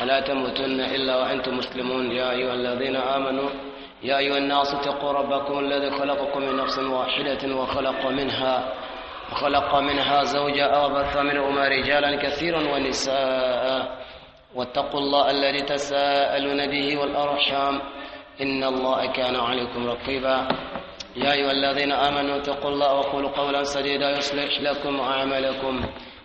ولا تموتن إلا وأنتم مسلمون يا أيها الذين آمنوا يا أيها الناس اتقوا ربكم الذي خلقكم من نفس واحدة وخلق منها وخلق منها زوجا وبث منهما رجالا كثيرا ونساء واتقوا الله الذي تساءلون به والأرحام إن الله كان عليكم رقيبا يا أيها الذين آمنوا اتقوا الله وقولوا قولا سديدا يصلح لكم أعمالكم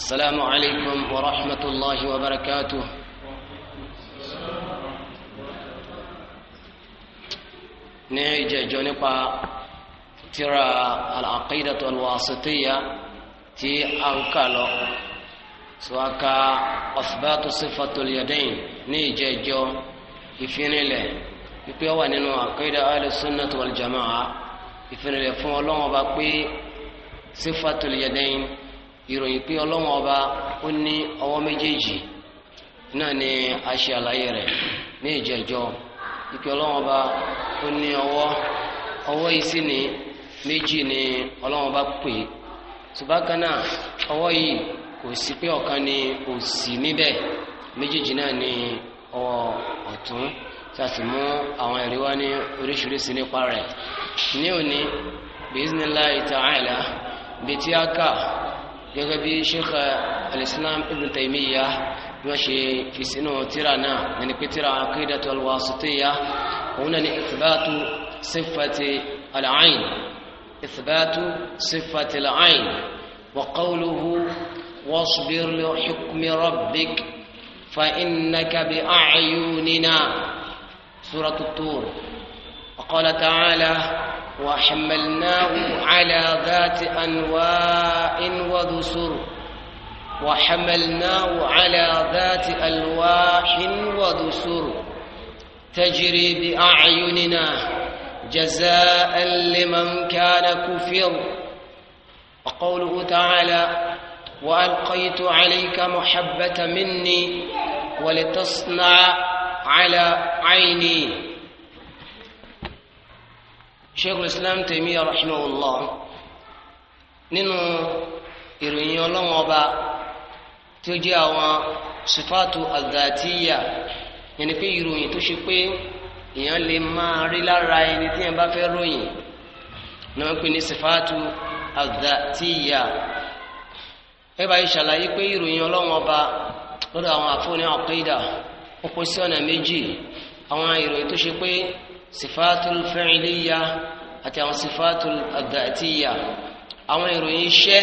السلام عليكم ورحمة الله وبركاته نيجا جونيبا ترى العقيدة الواسطية تي أنكالو سواكا أثبات صفة اليدين نيجا جو ìfinilẹ̀ wípé ó wà nínú àkídà alùsùnàtì wàlùjàmáà ìfinilẹ̀ fún ọlọ́wọ́n bá pé ìròyìn pé ọlọ́wọ́n ọba ó ní ọwọ́ méjèèjì náà ni a ṣe àlàyé rẹ̀ ní ìjẹ́jọ́ ìpè ọlọ́wọ́n ọba ó ní ọwọ́ ọwọ́ yìí méjì ni ọlọ́wọ́n ọba pè é ṣùgbọ́n náà ọwọ́ yìí kò sí pé ọ̀kan ni kò sí níbẹ̀ méjèèjì náà ni ọwọ́ ọ̀tún يغبي شيخ الإسلام ابن تيمية ماشي في سنو تيرانا من كتير عقيدة الواسطية هنا إثبات صفة العين إثبات صفة العين وقوله واصبر لحكم ربك فإنك بأعيننا سورة الطور وقال تعالى وحملناه على ذات أنواع وذسر وحملناه على ذات ألواح وذسر تجري بأعيننا جزاء لمن كان كفر وقوله تعالى وألقيت عليك محبة مني ولتصنع على عيني Sheikhul Islam Taymiyya rahimahullah nínú ìròyìn ọlọ́wọ́n ọba tí ó jẹ́ àwọn sifatu azatiya yẹni pé ìròyìn tó ṣe pé èèyàn lè máa rí lára ẹni tí èèyàn bá fẹ́ ròyìn ni wọ́n pè ní sifatu azatiya ẹ bá yìí ṣàlàyé pé ìròyìn ọlọ́wọ́n lọ́dọ̀ àwọn àfọ́nì àkídà ó pín sí ọ̀nà méjì àwọn ìròyìn tó ṣe pé sifatul fẹ́ẹ̀lìyà àti àwọn sifatul adàtíyà àwọn ìròyìn iṣẹ́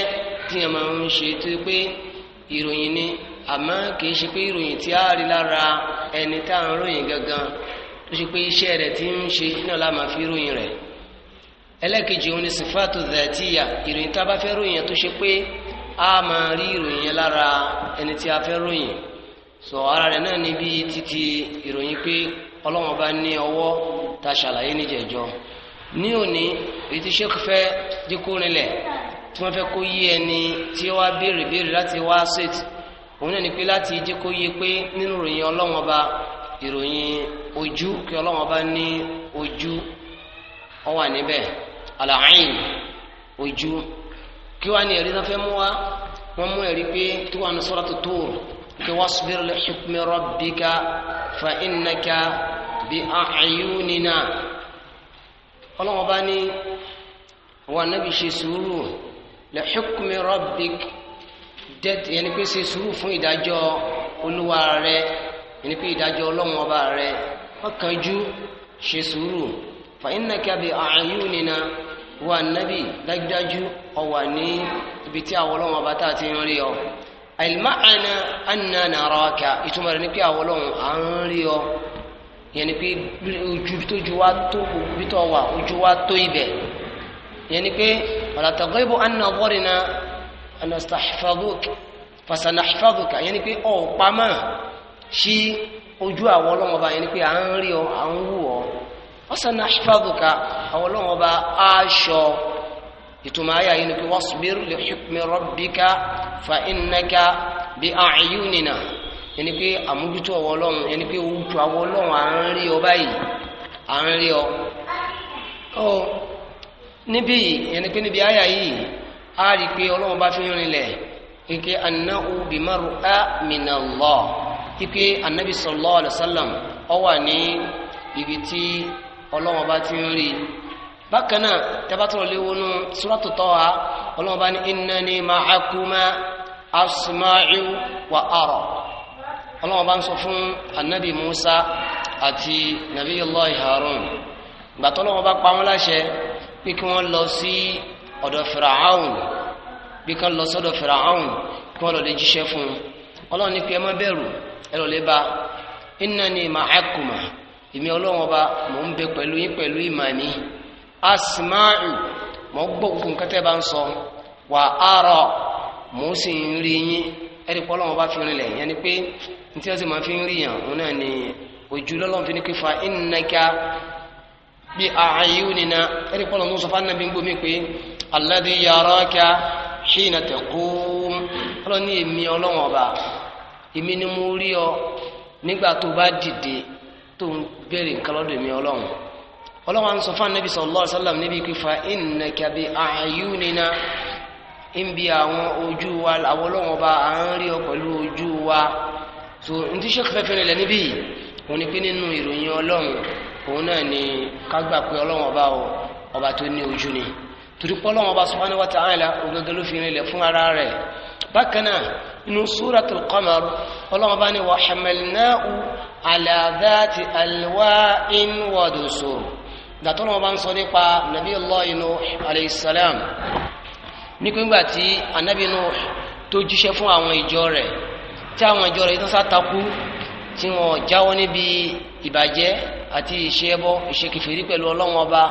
tí a máa ń ṣe tó pé ìròyìn ni àmọ́ kìí ṣe pé ìròyìn tí a rí lára ẹni tá à ń ròyìn gangan tó ṣe pé iṣẹ́ rẹ̀ tí ń ṣe náà la máa fi ròyìn rẹ̀ ẹlẹ́kejì òun ni sifatul adàtíyà ìròyìn tá a bá fẹ́ ròyìn tó ṣe pé a máa rí ìròyìn yẹn lára ẹni tí a fẹ́ ròyìn sọ ara rẹ̀ náà níbi títí ìròyìn pé ọlọ́wọ́n bá ní ọwọ́ tá a ṣàlàyé níjẹ̀jọ́ ní òní èyí tí sheikh fẹ́ dínkù rinlẹ̀ tí wọ́n fẹ́ kó yí ẹni tí ó wá béèrè béèrè láti wá sit òun náà ni pé láti jẹ́ kó yé pé nínú ìròyìn ọlọ́wọ́n ọba ìròyìn ojú kí ọlọ́wọ́n ọba ní ojú ó wà níbẹ̀ alain ojú kí wàá ní ẹ̀rí tó fẹ́ mú wa wọ́n mú ẹ̀rí pé tó wà ní suratu Tur kí wasbir li hukmi rabbika fa innaka bí àyúnina ọlọ́wọ́n bá ní wọn nábì ṣe sùúrù lè hukmi rabbik dẹ́tì yẹn ni pé ṣe sùúrù fún ìdájọ́ olúwa rẹ yẹn ni pé ìdájọ́ ọlọ́wọ́n ọba rẹ wọ́n kánjú ṣe sùúrù fa innaka bí àyúnina wọn nábì dájúdájú ọwà ní ibi tí àwọn ọlọ́wọ́n ọba tá ti ń rí ọ àìlmáàna anna naraka ìtumọ̀ rẹ̀ ni pé àwọn ọlọ́wọ́n à ń rí ọ yẹn ni pé ojú tójú wa tó òbí tó wà ojú wa tó ibẹ̀ yẹn ni pé ọ̀nà tàgbọ́ ibò anna ọ̀bọ̀rìnà anastahfaduka fasanahfaduka yẹn ni pé ọ̀pamọ́ sí ojú àwọn ọlọ́mọba yẹn ni pé à ń rí ọ à ń wù ọ fasanahfaduka àwọn ọlọ́mọba aṣọ ìtumọ̀ ayé yìí pé wasbir li hukmi rabbika fa innaka bi a'yunina yẹni pé àmójútó ọwọ́ ọlọ́run yẹni pé owútu awọ ọlọ́run à ń rí ọ báyìí à ń rí ọ. ọ níbí yẹni pé níbi àyà yìí a rí i pé ọlọ́run bá fi ń rinlẹ̀ ike annahu bimaru a minallah ike anabi sallallahu alayhi wa ọ wà ní ibi tí ọlọ́run bá ti ń rí bákan náà tabatọ̀ léwu nù suratu Taha ọlọ́run bá ní innani ma'akuma asma'u wa ara. ọlọ́wọ́ bá ń sọ fún anabi musa àti nabi allah harun ìgbà tó lọ́wọ́ bá pa wọ́n láṣẹ pí kí wọ́n lọ sí ọ̀dọ̀ fìràhàn bí kí wọ́n lọ sọ́dọ̀ fìràhàn kí wọ́n lọ lè jíṣẹ́ fún ní pé ẹ má bẹ̀rù ẹ lọ lè ba èmi ọlọ́wọ́ bá mò ń bẹ ntí wọn sì máa fi ń ríyàn òun náà ni ojú lọ́lọ́run fi ní kí fa ìnàkà bí a'yunina ẹ̀rí pọ́lọ́ mú sọ fánà bí ń gbomi pé alladhi yaraka hina taqum ọlọ́run ní èmi ọlọ́run ọba èmi ni mo rí ọ nígbà tó bá dìde tó ń bẹ̀rẹ̀ nǹkan lọ́dọ̀ èmi ọlọ́run ọlọ́run à ń sọ fánà níbi níbi kí fa ìnàkà bí bi àwọn ojú wa àwọn ọlọ́run ọba à ń rí ọ pẹ̀lú ojú wa tó ní tí sèkè fẹ́fẹ́ rẹ̀ níbí òun ni pé nínú ìròyìn ọlọ́run òun náà ni ká gbà pé ọlọ́run ọba o ọba tó ní ojú ni torí pé ọlọ́run ọba subhanahu wa ta'ala ògangan ló fi rinlẹ̀ fún ara rẹ̀ bákan náà inú suratul qamar ọlọ́run ọba ni wa hamalnahu ala dhati alwa'in wa dusur dàtọ́nà wọn bá ń sọ nípa nàbí Allah Nuh alayhi salam nígbà tí anábì Nuh tó jíṣẹ́ fún àwọn ìjọ rẹ̀ tí àwọn ìjọ rẹ̀ tó sátakú tí wọn jáwọ́ níbi ìbàjẹ́ àti ìṣe ẹbọ ìṣe kìfìrí pẹ̀lú ọlọ́wọ́n ọba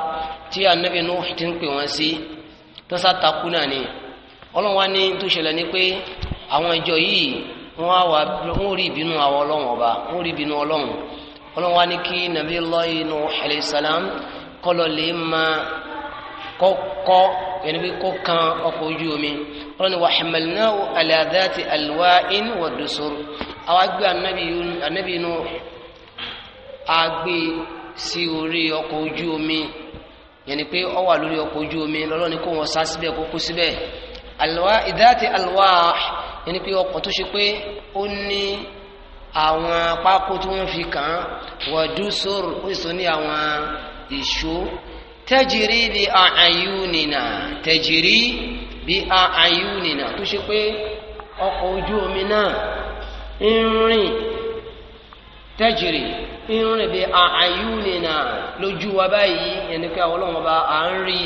tí ànábì Nuh ti ń pè wọ́n sí tó sátakú náà ni ọlọ́wọ́n á ní tó ṣẹlẹ̀ ni pé àwọn ìjọ yìí wọ́n á wà wọ́n rí ìbínú àwọn ọlọ́wọ́n ọba wọ́n rí ìbínú ọlọ́wọ́n ọlọ́wọ́n ní kí Nabiullahi Nuh alayhi salam kọ́lọ̀ lè máa kọ́kọ́ yẹn bí kó kan ọkọ̀ ojú omi wọn ni wa hamalnahu ala dhati alwa'in wa dusur àwọn agbé anabi inú agbé sí orí ọkọ̀ ojú omi yẹn ni pé ó wà lórí ọkọ̀ ojú omi lọ́lọ́ ni kó wọn sá síbẹ̀ kó kú idati alwa yẹni pé tó ṣe pé ó ní àwọn pákó tí wọ́n fi kàn án wọ̀dú ó sì ní àwọn ìṣó tẹ́jìrí bí ààyúnìnà tẹ́jìrí bí ààyúnìnà tó ṣe pé ọkọ̀ ojú omi náà ń rìn tẹ́jìrí ń rìn bí ààyúnìnà lójú wa báyìí ẹni pé àwọn bá à ń rí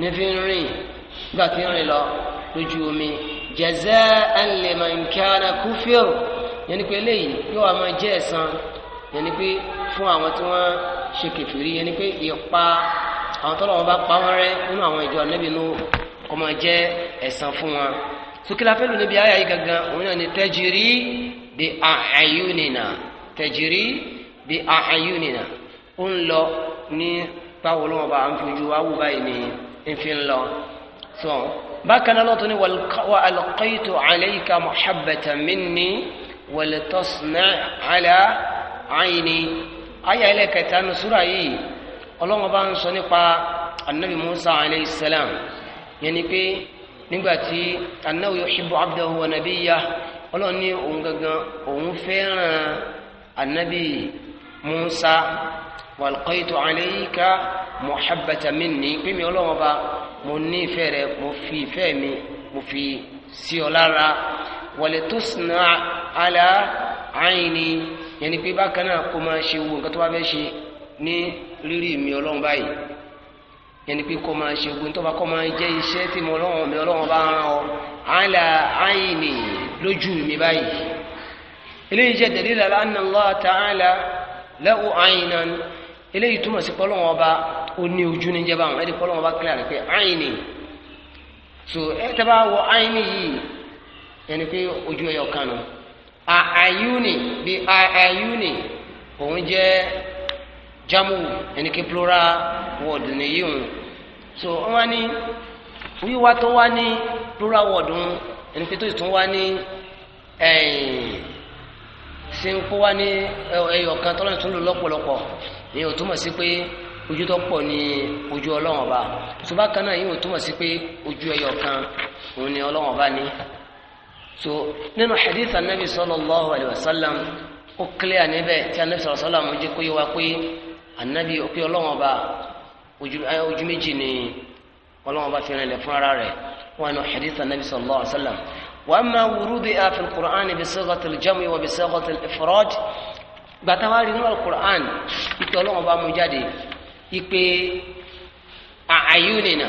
ní fi ń rìn nígbà tí lọ lójú omi jaza'an liman kana kúfìrù pé yóò yẹn ni pé fún àwọn tí wọ́n ṣe kẹfìrí yẹn ni pé ìpa àwọn tọ́lọ̀ wọn bá pa wọn rẹ nínú àwọn ìjọ anábì ló kọ́ máa jẹ́ ẹ̀san fún wọn. sukila fẹ́lú níbi ayé ayé gangan òun náà ni tajiri bi a'ayunina tajiri bi a'ayunina ó ń lọ ní báwo ló bá ń fojú wa báyìí ni ń fi ń lọ. sọ bákan náà lọ́tọ̀ ni wa alqaytu alayka mahabbatan minni wal tasna ala àyìní ayé ẹlẹ́kẹta ní súra yìí ọlọ́wọ́n bá ń sọ nípa anabi musa alayhi salam yẹn ni pé nígbà tí anáwó yuhibbu abdahu wa nabiyah ọlọ́run ní òun gangan òun fẹ́ràn anabi musa walqaitu alayka muhabbata minni pé mi ọlọ́wọ́n bá mo ní ìfẹ́ rẹ mo fi ìfẹ́ mi mo fi sí ọ lára walitusna ala ayni yẹn ni pé bákan náà kó máa ṣe gbogbo nǹkan tó bá fẹ́ ṣe ní rírì mi ọlọ́run báyìí yẹn ni pé kó máa ṣe gbogbo tó bá kọ́ máa jẹ́ iṣẹ́ tí mo ọlọ́run mi ọlọ́run bá rán ọ àìlà àìní lójú mi báyìí eléyìí jẹ́ dalil ala anna Allah ta'ala lahu aynan eléyìí túmọ̀ sí pọ́lọ́wọ́n ọba ó ní ojú ní jẹba àwọn ẹni pọ́lọ́wọ́n ọba kíláà pé àìní so ẹ tẹ́ bá wọ àìní yìí yẹn pé ojú ẹyọ kanu ààyúnì bi ààyúnì òun jẹ́ jamu ẹni kí plural word nìyí òun so wọ́n wá ní wíwá tó wá ní plural word òun ẹni pé tó sì tún wá ní sinko wá ní ẹyọ kan tọ́lá tún lò lọ́pọ̀lọpọ̀ ní ó túmọ̀ sí pé ojú tó pọ̀ ní ojú ọlọ́wọ̀n ọba tó bá kan náà yìí ó túmọ̀ sí pé ojú ẹyọ kan òun ni ọlọ́wọ̀n ọba ní so nínú hadith anabi sallallahu alayhi wa sallam ó kílẹ̀ níbẹ̀ tí anabi sallallahu alayhi wa sallam jẹ́ kó yẹ wá pé anabi òkè ọlọ́wọ́n ọba ojú méjì ni ọlọ́wọ́n ọba fi rìn lẹ̀ fún ara rẹ̀ wọn nínú hadith anabi sallallahu alayhi wa sallam واما ورودها في القران بصيغه الجمع وبصيغه الافراد gbàtàwárí nínú alukur'an ìpè ọlọ́run bá mú jáde ìpè àyùnìnà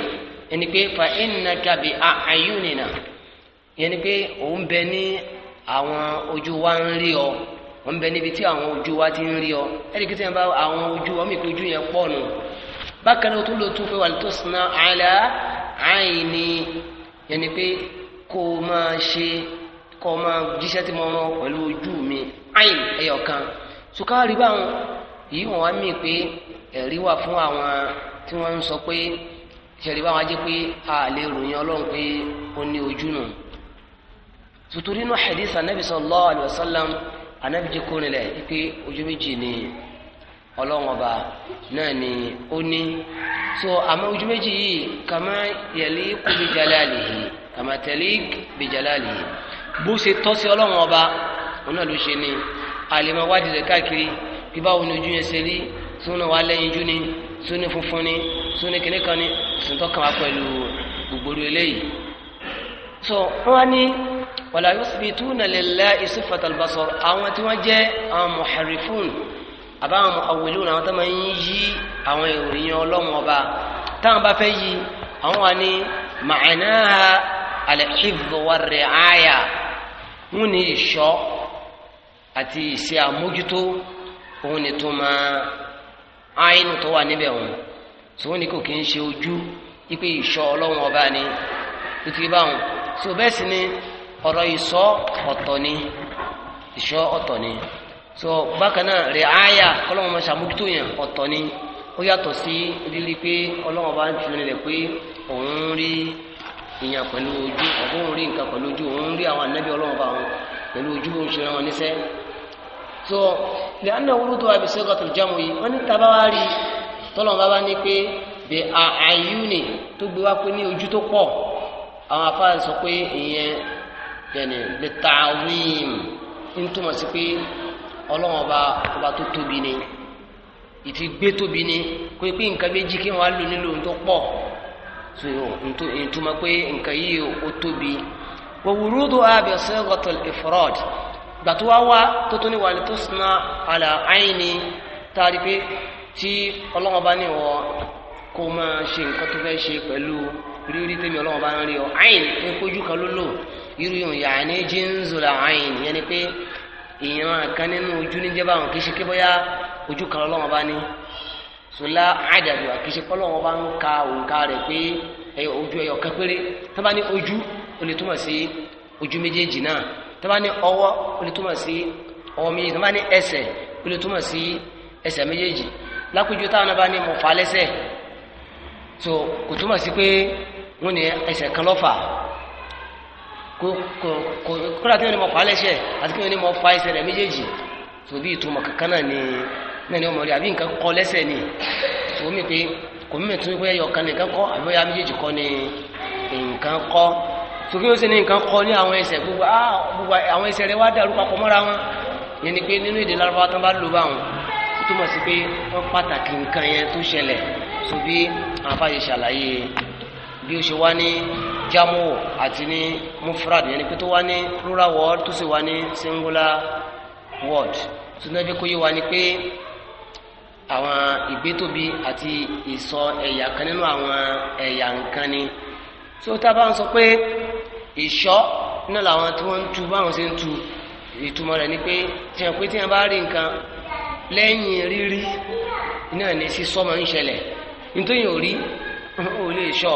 ẹni pé fa ìnàkàbí àyùnìnà yẹn ni pé òun bẹ ní àwọn ojú wa ń rí ọ òun bẹ níbi tí àwọn ojú wa ti ń rí ọ ẹni kí sẹ́yìn bá àwọn ojú ọmọ ìpè ojú yẹn pọ̀ nù bákan náà tó lò tó fẹ́ wà tó sinna àlà àìní yẹn ni pé kó o máa ṣe kó o máa jíṣẹ́ tí mo rán pẹ̀lú ojú mi àìn ẹ̀yọ̀kan sùkárì báwọn yìí wọ́n wá mí pé ẹ̀rí wà fún àwọn tí wọ́n ń sọ pé ṣẹ̀rí báwọn ajé pé a lè ròyìn ọlọ́run pé ó ní ojú nù sotori inú hadith anabi sallallahu alayhi wa sallam anabi jẹ́ kó nílẹ̀ ipe ojú méjì ni ọlọ́wọ́n ọba náà ni ó ní so àmọ́ ojú méjì yìí kàmá yẹlí kú bí jalali yìí kàmá tẹ̀lé bí jalali yìí bó ṣe tọ́ sí ọlọ́wọ́n ọba òun náà ló ṣe ni àlèmọ́ wádìí rẹ̀ káàkiri bí wa lẹ́yìn jú ni súnú funfun ni súnú kìnnì kan ni òsùn tó kàn wá pẹ̀lú so wala yuthbituna lillahi sifatal basar àwọn tí wọ́n jẹ́ àwọn muharrifun àbáwọn muawwilun àwọn tó máa ń yí àwọn ìròyìn ọlọ́run ọba táwọn bá fẹ́ yí àwọn wà ní ma'anaha al-hifz wa ri'aya wọn ní ìṣọ́ àti ìṣe àmójútó òun ni tó máa àìnù tó wà níbẹ̀ wọn tí wọ́n ní kò kí ń ṣe ojú ipe ìṣọ́ ọlọ́run ọba ni nítorí báwọn bẹ́ẹ̀ sì ni ọ̀rọ̀ ìsọ ọ̀tọ̀ ni ìṣọ ọ̀tọ̀ ni so bákan náà rẹ̀ áyà ọlọ́wọ́n máa ṣàmójútó yẹn ọ̀tọ̀ ni ó yàtọ̀ sí rírí pé ọlọ́wọ́n bá ń tu nílẹ̀ pé òun rí ìyàn pẹ̀lú ojú òun rí nǹkan pẹ̀lú ojú òun rí àwọn ànábì ọlọ́wọ́n bá wọn pẹ̀lú ojú bó ń ṣe wọn níṣẹ́ so lè àná wúrú tó wà bí sẹ́gọ̀tù jámù yìí wọ́n ní tàbá wá rí tọ́lọ́wọ́n bá bá ní pé bẹ àyúnì tó gbé wá pé ní ojú tó pọ̀ àwọn afáàlì sọ pé ìyẹn yẹni lè ta wíìm ń si sí pé ọlọ́wọ́n ọba ọba tó tóbi ni ìfi gbé tóbi ni kó pé nǹkan méjì kí wọ́n á lò nílò tó pọ̀ so ìtumọ̀ pé nǹkan yìí ó tóbi wọ́n wúrú tó ààbẹ̀ sẹ́gọ̀tọ̀ ìfọ́rọ̀d gbà tó wá wá tó tó ní wà ní tó sinà àlà àìní tàbí pé tí ọlọ́wọ́n bá níwọ̀ kó máa ṣe nǹkan tó fẹ́ ṣe pẹ̀lú rírí tẹ́mi ọlọ́wọ́n bá ń rí ọ àìní tó kójú kan ló lò irú yòó yà ní jíǹzùlà àyìn yẹn ni pé ìran kan nínú ojú níjẹ́ báwọn kì í ṣe kí bóyá ojú kan ọlọ́wọ́n bá ní sọlá àdàbí wa kì í ṣe kọ́ ọlọ́wọ́n bá ń ka òǹkà rẹ̀ pé ẹyọ ojú ẹyọ kan péré tó bá ní ojú ó lè túmọ̀ sí ojú méjèèjì náà tó ní ọwọ́ ó lè túmọ̀ sí ọwọ́ méjèèjì tó ní ẹsẹ̀ ó lè túmọ̀ sí ẹsẹ̀ méjèèjì lápẹjù táwọn bá ní mo lẹ́sẹ̀ so kò túmọ̀ sí pé wọ́n ní ẹsẹ̀ kan lọ́fà kódà kí wọ́n ní mọ̀ pa lẹ́sẹ̀ àti kí wọ́n ní mọ̀ fa ẹsẹ̀ rẹ̀ méjèèjì tó bí ìtumọ̀ kankan ni náà ni ọmọ rẹ̀ àbí nǹkan kọ lẹ́sẹ̀ ni tó mi pé kò mímẹ̀ tó pé ẹyọ kan nìkan kọ́ àbí ọya méjèèjì kọ́ ni nǹkan kọ́ tó kí wọ́n sì ní nǹkan kọ́ ní àwọn ẹsẹ̀ gbogbo àwọn ẹsẹ̀ rẹ̀ wá dàrú papọ̀ mọ́ra wọn yẹn ni pé nínú èdè lárúbáwá tán bá lò bá wọn ó túmọ̀ sí jamu àti ní mufrad yẹn ni pé tó wá ní plural word tó sì wá ní singular word tó náà jẹ́ kó yé wa ni pé àwọn ìgbétóbi àti ìsọ ẹ̀yà kan nínú àwọn ẹ̀yà nǹkan ni tó tá a bá ń sọ pé ìṣọ́ náà làwọn tí wọ́n ń tu báwọn ṣe ń tu ìtumọ̀ rẹ̀ ni pé tí wọ́n pé tí wọ́n bá rí nǹkan lẹ́yìn rírí náà ni sísọ́ máa ń ṣẹlẹ̀ nítorí òrí ò lè ṣọ́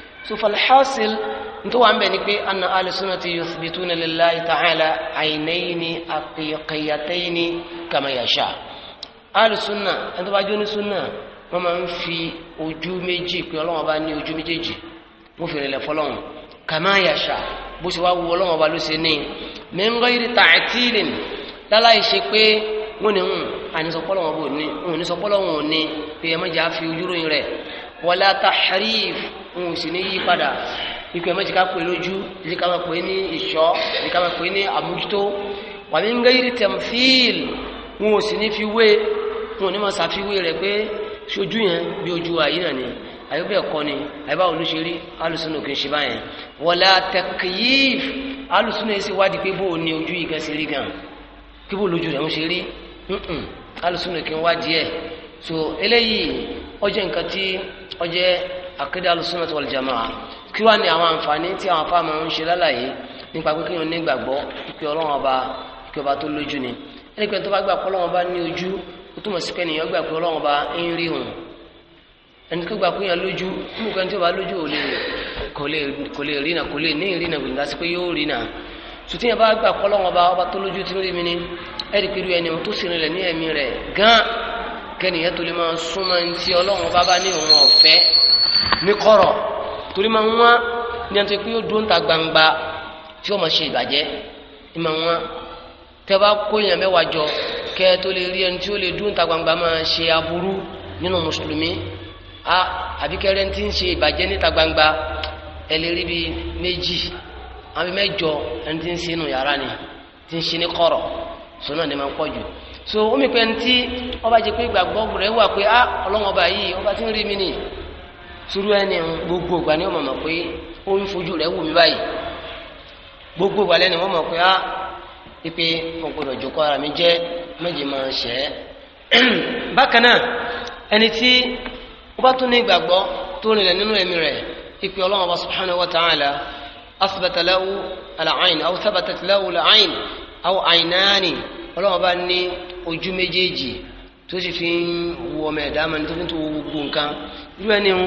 so falhasil tó wà ń bẹ̀ ni pé anna alisunati yuthbituna lillahi ta'ala aynayni aqiqiyatayni kama yasha alisunna ẹni tó bá jó ní sunna wọ́n máa ń fi ojú méjì pé ọlọ́wọ́n bá ní ojú méjèèjì wọ́n fi rìnlẹ̀ fọlọ́wọ́n kama yasha bó ṣe wá wu ọlọ́wọ́n bá ló ṣe ní min ghayri ta'tilin láláì ṣe pé wọ́n ní hùn hmm, ànisọpọlọ n ò sì ní yí padà ikú ẹ̀ mẹ́jìká pè lójú ìjìká máa pè ní ìṣọ́ ìjìká máa pè ní àmójútó wà ní ngayiri tẹ̀mfíìl n sì ní fi wé n ní máa ṣàfiwé rẹ̀ pé ṣojú yẹn bí ojú àyè náà ni àyè bẹ́ẹ̀ kọ́ ni àyè báwo ló ṣe rí alùsùn òkè ṣe báyẹn wọlé àtẹkìyìf alùsùn yẹn sì wádìí pé bóò ní ojú yìí gan kí so eléyìí ọjọ́ nǹkan tí àkídà alùsùnà wal jamaa kí wàá ní àwọn àǹfààní tí àwọn afá máa ń ṣe lálàyé nípa pé kéèyàn nígbàgbọ́ pé ọlọ́run ọba kí ọba tó lójú ni ẹnìkan tó bá gbà pé ọlọ́run ọba ní ojú ó túmọ̀ sí pé ènìyàn gbà pé ọlọ́run ọba ń rí òun ẹni tó gbà pé èèyàn lójú nǹkan tí ọba lójú kò lè rí náà kò lè ní ìrìnà gbìngà sí pé yóò rí náà tùtù yẹn bá gbà pé ọlọ́run ọba ọba bá ní ní kọ̀rọ̀ torí máa ń wá ní ẹni tó pé ó dúró ń ta gbangba tí ó máa ṣe ìbàjẹ́ ní máa ń wá tẹ́ bá kó èèyàn mẹ́wàá jọ kẹ́ tó lè rí ẹni tí ó lè dúró ta gbangba máa ṣe aburú nínú mùsùlùmí a àbíkẹ́rẹ́ ti ń ṣe ìbàjẹ́ níta gbangba ẹ lè rí bíi méjì àbí mẹ́jọ ẹni tí ń ṣe inú yàrá ni tí ń ṣe ní kọ̀rọ̀ sọ náà ni máa ń pọ̀ jù so omi pẹ́ ní tí ọba jẹ pé ìgbàgbọ́ rẹ̀ wà pé a ọlọ́wọ́n ọba yìí ọba tí ń rí mi nìyí sùúrù ẹni gbogbo ìgbà ni wọ́n mọ̀ pé ó ń fojú rẹ̀ wù mí báyìí gbogbo ìgbà lẹ́ni wọ́n mọ̀ pé á ah, pípé ọ̀gbọ̀dọ̀ jòkó ara mi jẹ́ méje máa ń ṣẹ́ bákan náà ẹni tí ó bá tún ní ìgbàgbọ́ tó rinlẹ̀ nínú ẹ̀mí rẹ̀ ìpè ọlọ́run ọba subhanahu wa ta'ala asibata lahu alaayin aw sabatat lahu alaayin aw ọba ní ojú méjèèjì tó sì fi ń wo ọmọ ẹ̀dá mẹ́rin tó tó wo gbogbo nǹkan irú ẹni ń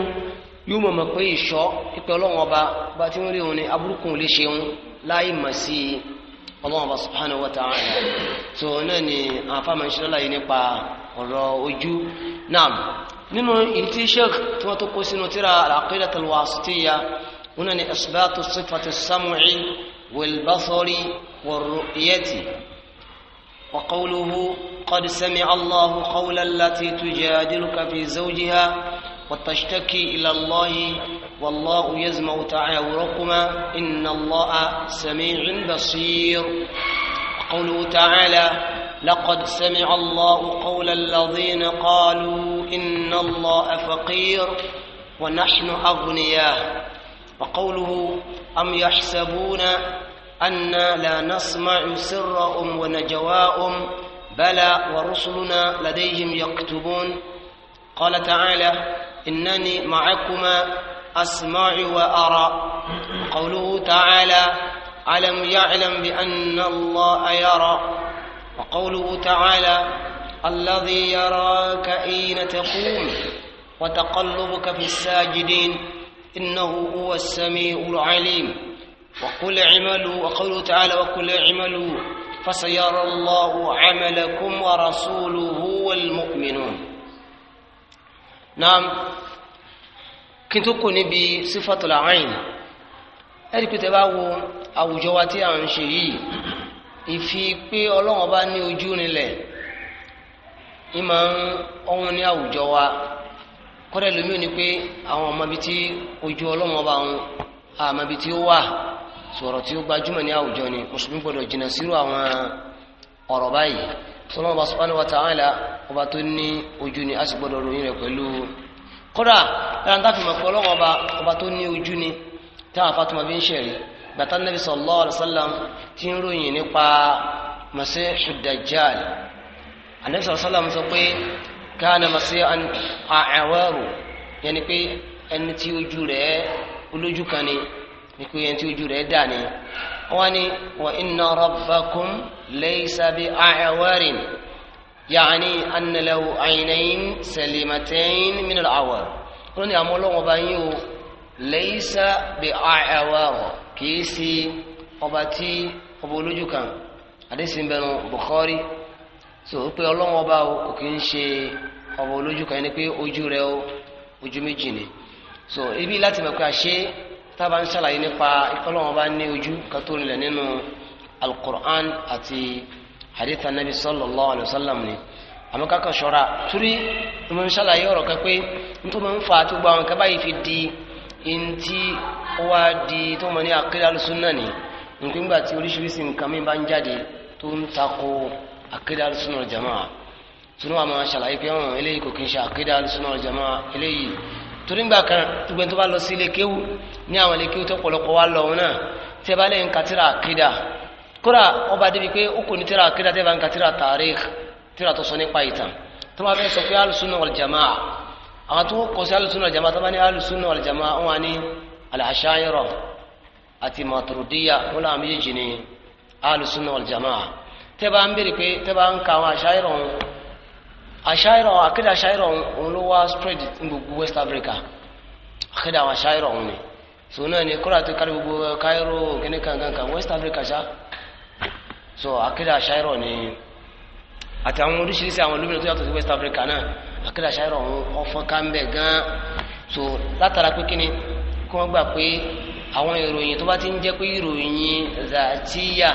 yóò mọ̀ mọ̀ pé ìṣọ́ pípẹ́ ọlọ́run ọba bá tí ń rí òun ni aburúkú lè ṣe òun láì mọ̀ sí ọlọ́run ọba subhanahu wa ta'ala tó náà ni àfàmà ìṣẹ́ lọ́la yìí nípa ọ̀rọ̀ ojú náà nínú èyí tí sheikh tí wọ́n tó kó sínú tíra al-aqidatu al wọn ni asbatu sifati sam'i wal-basari wal-ru'yati wa qawluhu qad sami'a Allahu qawla allati وتشتكي إلى الله والله يزمع تعاوركما إن الله سميع بصير قوله تعالى لقد سمع الله قول الذين قالوا إن الله فقير ونحن أغنياء وقوله أم يحسبون أنا لا نسمع سرهم ونجواهم بلى ورسلنا لديهم يكتبون قال تعالى إنني معكما أسمع وأرى قوله تعالى ألم يعلم بأن الله يرى وقوله تعالى الذي يراك أين تقوم وتقلبك في الساجدين إنه هو السميع العليم وقل اعملوا وقوله تعالى وقل اعملوا فسيرى الله عملكم ورسوله والمؤمنون náà kí n tó kò níbi sífàtò làárín ẹ̀rí pé tẹ́ bá wo àwùjọ wa tí à ń ṣe yìí ìfi pé ọlọ́run bá ní ojú rinlẹ̀ ìmọ̀ ọ̀hún ní àwùjọ wa kọ́dẹ̀ lómi ò ní pé àwọn ọmọbi tí ojú ọlọ́run ọba àwọn àmọbi tí ó wà sọ̀rọ̀ tí ó gbajúmọ̀ ní àwùjọ ni mùsùlùmí gbọ́dọ̀ jìnnà sírò àwọn ọ̀rọ̀ báyìí sọlọ́wọ́ bá subhanahu wa ta'ala ọba tó ní ojú ni a sì gbọ́dọ̀ ròyìn rẹ̀ pẹ̀lú kódà lára tá a fi mọ̀ pé ọlọ́wọ́ ọba ọba tó ní ojú ni táwọn afátumọ̀ bí ń ṣẹ̀rí gbàtà nàbì sallallahu alaihi ti ń ròyìn nípa masihu dajjal anabi sallallahu sọ pé kana masihan a'waru yẹni pé ẹni tí ojú rẹ̀ olójú kan ni ni pé ẹni tí ojú rẹ̀ dà ni wọ́n ní wa inna rabbakum ليس بأعور يعني أن له عينين سليمتين من العور قلنا يا مولو وبانيو ليس بأعور كيسي وباتي وبولوجو كان حديث بن بخاري so pé ọlọ́run ọba kò kí ń ṣe ọba olójú kan ẹni pé ojú rẹ o ojú méjì ni so ibi láti mọ̀ pé àṣé tá a bá ń ṣàlàyé nípa ìkọlọ́run ọba ní ojú kan tó rinlẹ̀ nínú alukur'an àti hadith anabi sallallahu alayhi wa sallam ni àmọ́ ká kàn ṣọ́ra torí mo ń ṣàlàyé ọ̀rọ̀ kan pé nítorí mo ń fa àti gbogbo àwọn kábàáyé fi di ntí ó wá di tó mọ ní àkídà alùsùnà ni nǹkan nígbà tí oríṣiríṣi nǹkan mi bá ń jáde tó ń tako àkídà alùsùnà jamaa tunu wa máa ṣàlàyé pé ọ̀hún eléyìí kò kí n ṣe àkídà alùsùnà jamaa eléyìí torí nígbà kan gbogbo tó bá lọ sí ilé kéwù ní àwọn ilé kéwù tó pọ̀lọpọ̀ wá lọ kódà wọ́n bá débi pé ó kò ní tíra kíra tẹ́bà ń ka tíra tàríkh tíra tó sọ nípa ìtàn tó máa fẹ́ sọ pé alùsùnà wàlìjàmá àwọn tó kọ sí alùsùnà wàlìjàmá tó bá ní alùsùnà wàlìjàmá wọn wà ní al àti Maturidiyya wọn làwọn méjèèjì ní alùsùnà wàlìjàmá tẹ́bà ń béèrè pé tẹ́bà ń ka àwọn Ash'ariyya wọn Ash'ariyya wọn àkídà wọn ló wá spread ní gbogbo West Africa àkídà àwọn Ash'ariyya wọn ni sòwòn náà ni kódà tó kárí gbogbo Cairo kíní kankan West Africa ṣáà so akídà ṣáírọ̀ ni àtàwọn oríṣiríṣi àwọn olómìnira tó yàtọ̀ sí West Africa náà akídà ṣáírọ̀ ọ̀hún ọ̀fọ́n ká ń bẹ̀ gan so látara pé kíni kí wọ́n gbà pé àwọn ìròyìn tó bá ti ń jẹ́ pé ìròyìn zàtíyà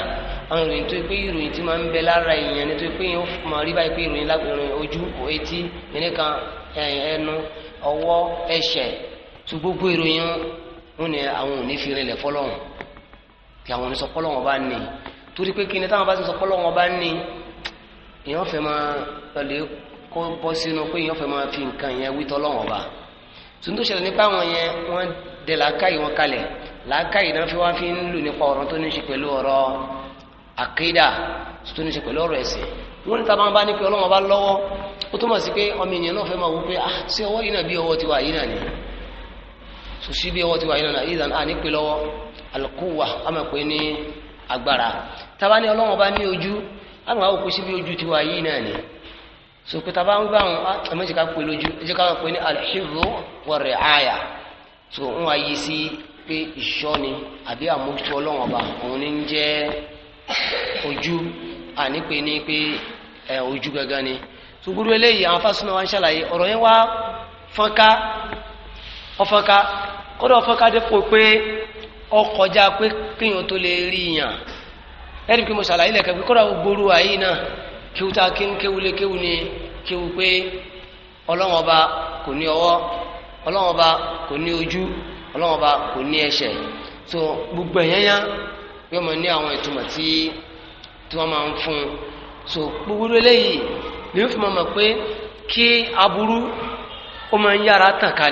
àwọn ìròyìn tó pé ìròyìn tí máa ń bẹ lára èèyàn ni tó pé yẹn ó máa rí báyìí pé ìròyìn lágbèròyìn ojú etí nìkan ẹnu ọwọ́ ẹsẹ̀ tó gbogbo ìròyìn wọn ni àwọn ò ní fi rinlẹ̀ fọlọ́hún kí àwọn oníṣọ́pọ́lọ́hún bá ní torí pé kíni táwọn bá ti sọ pé Ọlọ́run ọba ní èèyàn fẹ́ máa lọ́lẹ̀ kó bọ́ sínú pé èèyàn fẹ́ máa fi nǹkan yẹn wí tọ́lọ́run ọba tún tó ṣẹlẹ̀ nípa àwọn yẹn wọ́n dẹ̀ làákàyè wọn kalẹ̀ làákàyè náà fi wá fi ń lò nípa ọ̀rọ̀ tó ní ṣe pẹ̀lú ọ̀rọ̀ àkídà tó ní ṣe pẹ̀lú ọ̀rọ̀ ẹ̀sìn wọ́n ní táwọn bá ní pé Ọlọ́run ọba lọ́wọ́ ó túmọ̀ sí pé ọmọ ènìyàn náà fẹ́ máa wú pé ah sí ọwọ́ yìí náà bí ọwọ́ tiwa yìí náà ni sòsí bí ọwọ́ tiwa yìí náà ìdàn à ní pé lọ́wọ́ alùkùwà á máa pè ní agbára tábà ní ọlọ́run bá ní ojú àwọn àwọn òkú síbi ojú tiwa yìí náà ni sòkò tábà ń bá wọn àmì pè lójú ìjìká pè ní alhibru wa ri'aya tó ń wá yí sí pé ìṣọ́ni àbí àmójútó ọlọ́run ọba òun ní jẹ́ ojú ànípe ní pé ẹ ojú gangan ni tó gbúdú eléyìí àwọn fásitì wa ń ṣàlàyé ọ̀rọ̀ yẹn wá fọ́nká ọ̀fọ́nká kọ́dọ̀ ọ̀fọ́nká dépò pé ọkọjá pé kíyàn tó lè rí yàn ẹni pé mo ṣàlàyé lẹ́kẹ̀ẹ́ pé kọ́ra gbogbo àyè náà kíwu tá kí ń kíwu lé kíwu ni kíwu pé ọlọ́run ọba kò ní ọwọ́ ọlọ́run ọba kò ní ojú ọlọ́run ọba kò ní ẹsẹ̀ so gbogbo ẹ̀yán yá yóò mọ̀ ní àwọn ìtumọ̀ tí wọ́n máa ń fún un so gbogbo eléyìí ni wọ́n fi máa mọ̀ pé kí aburú ó máa ń yára tàn ká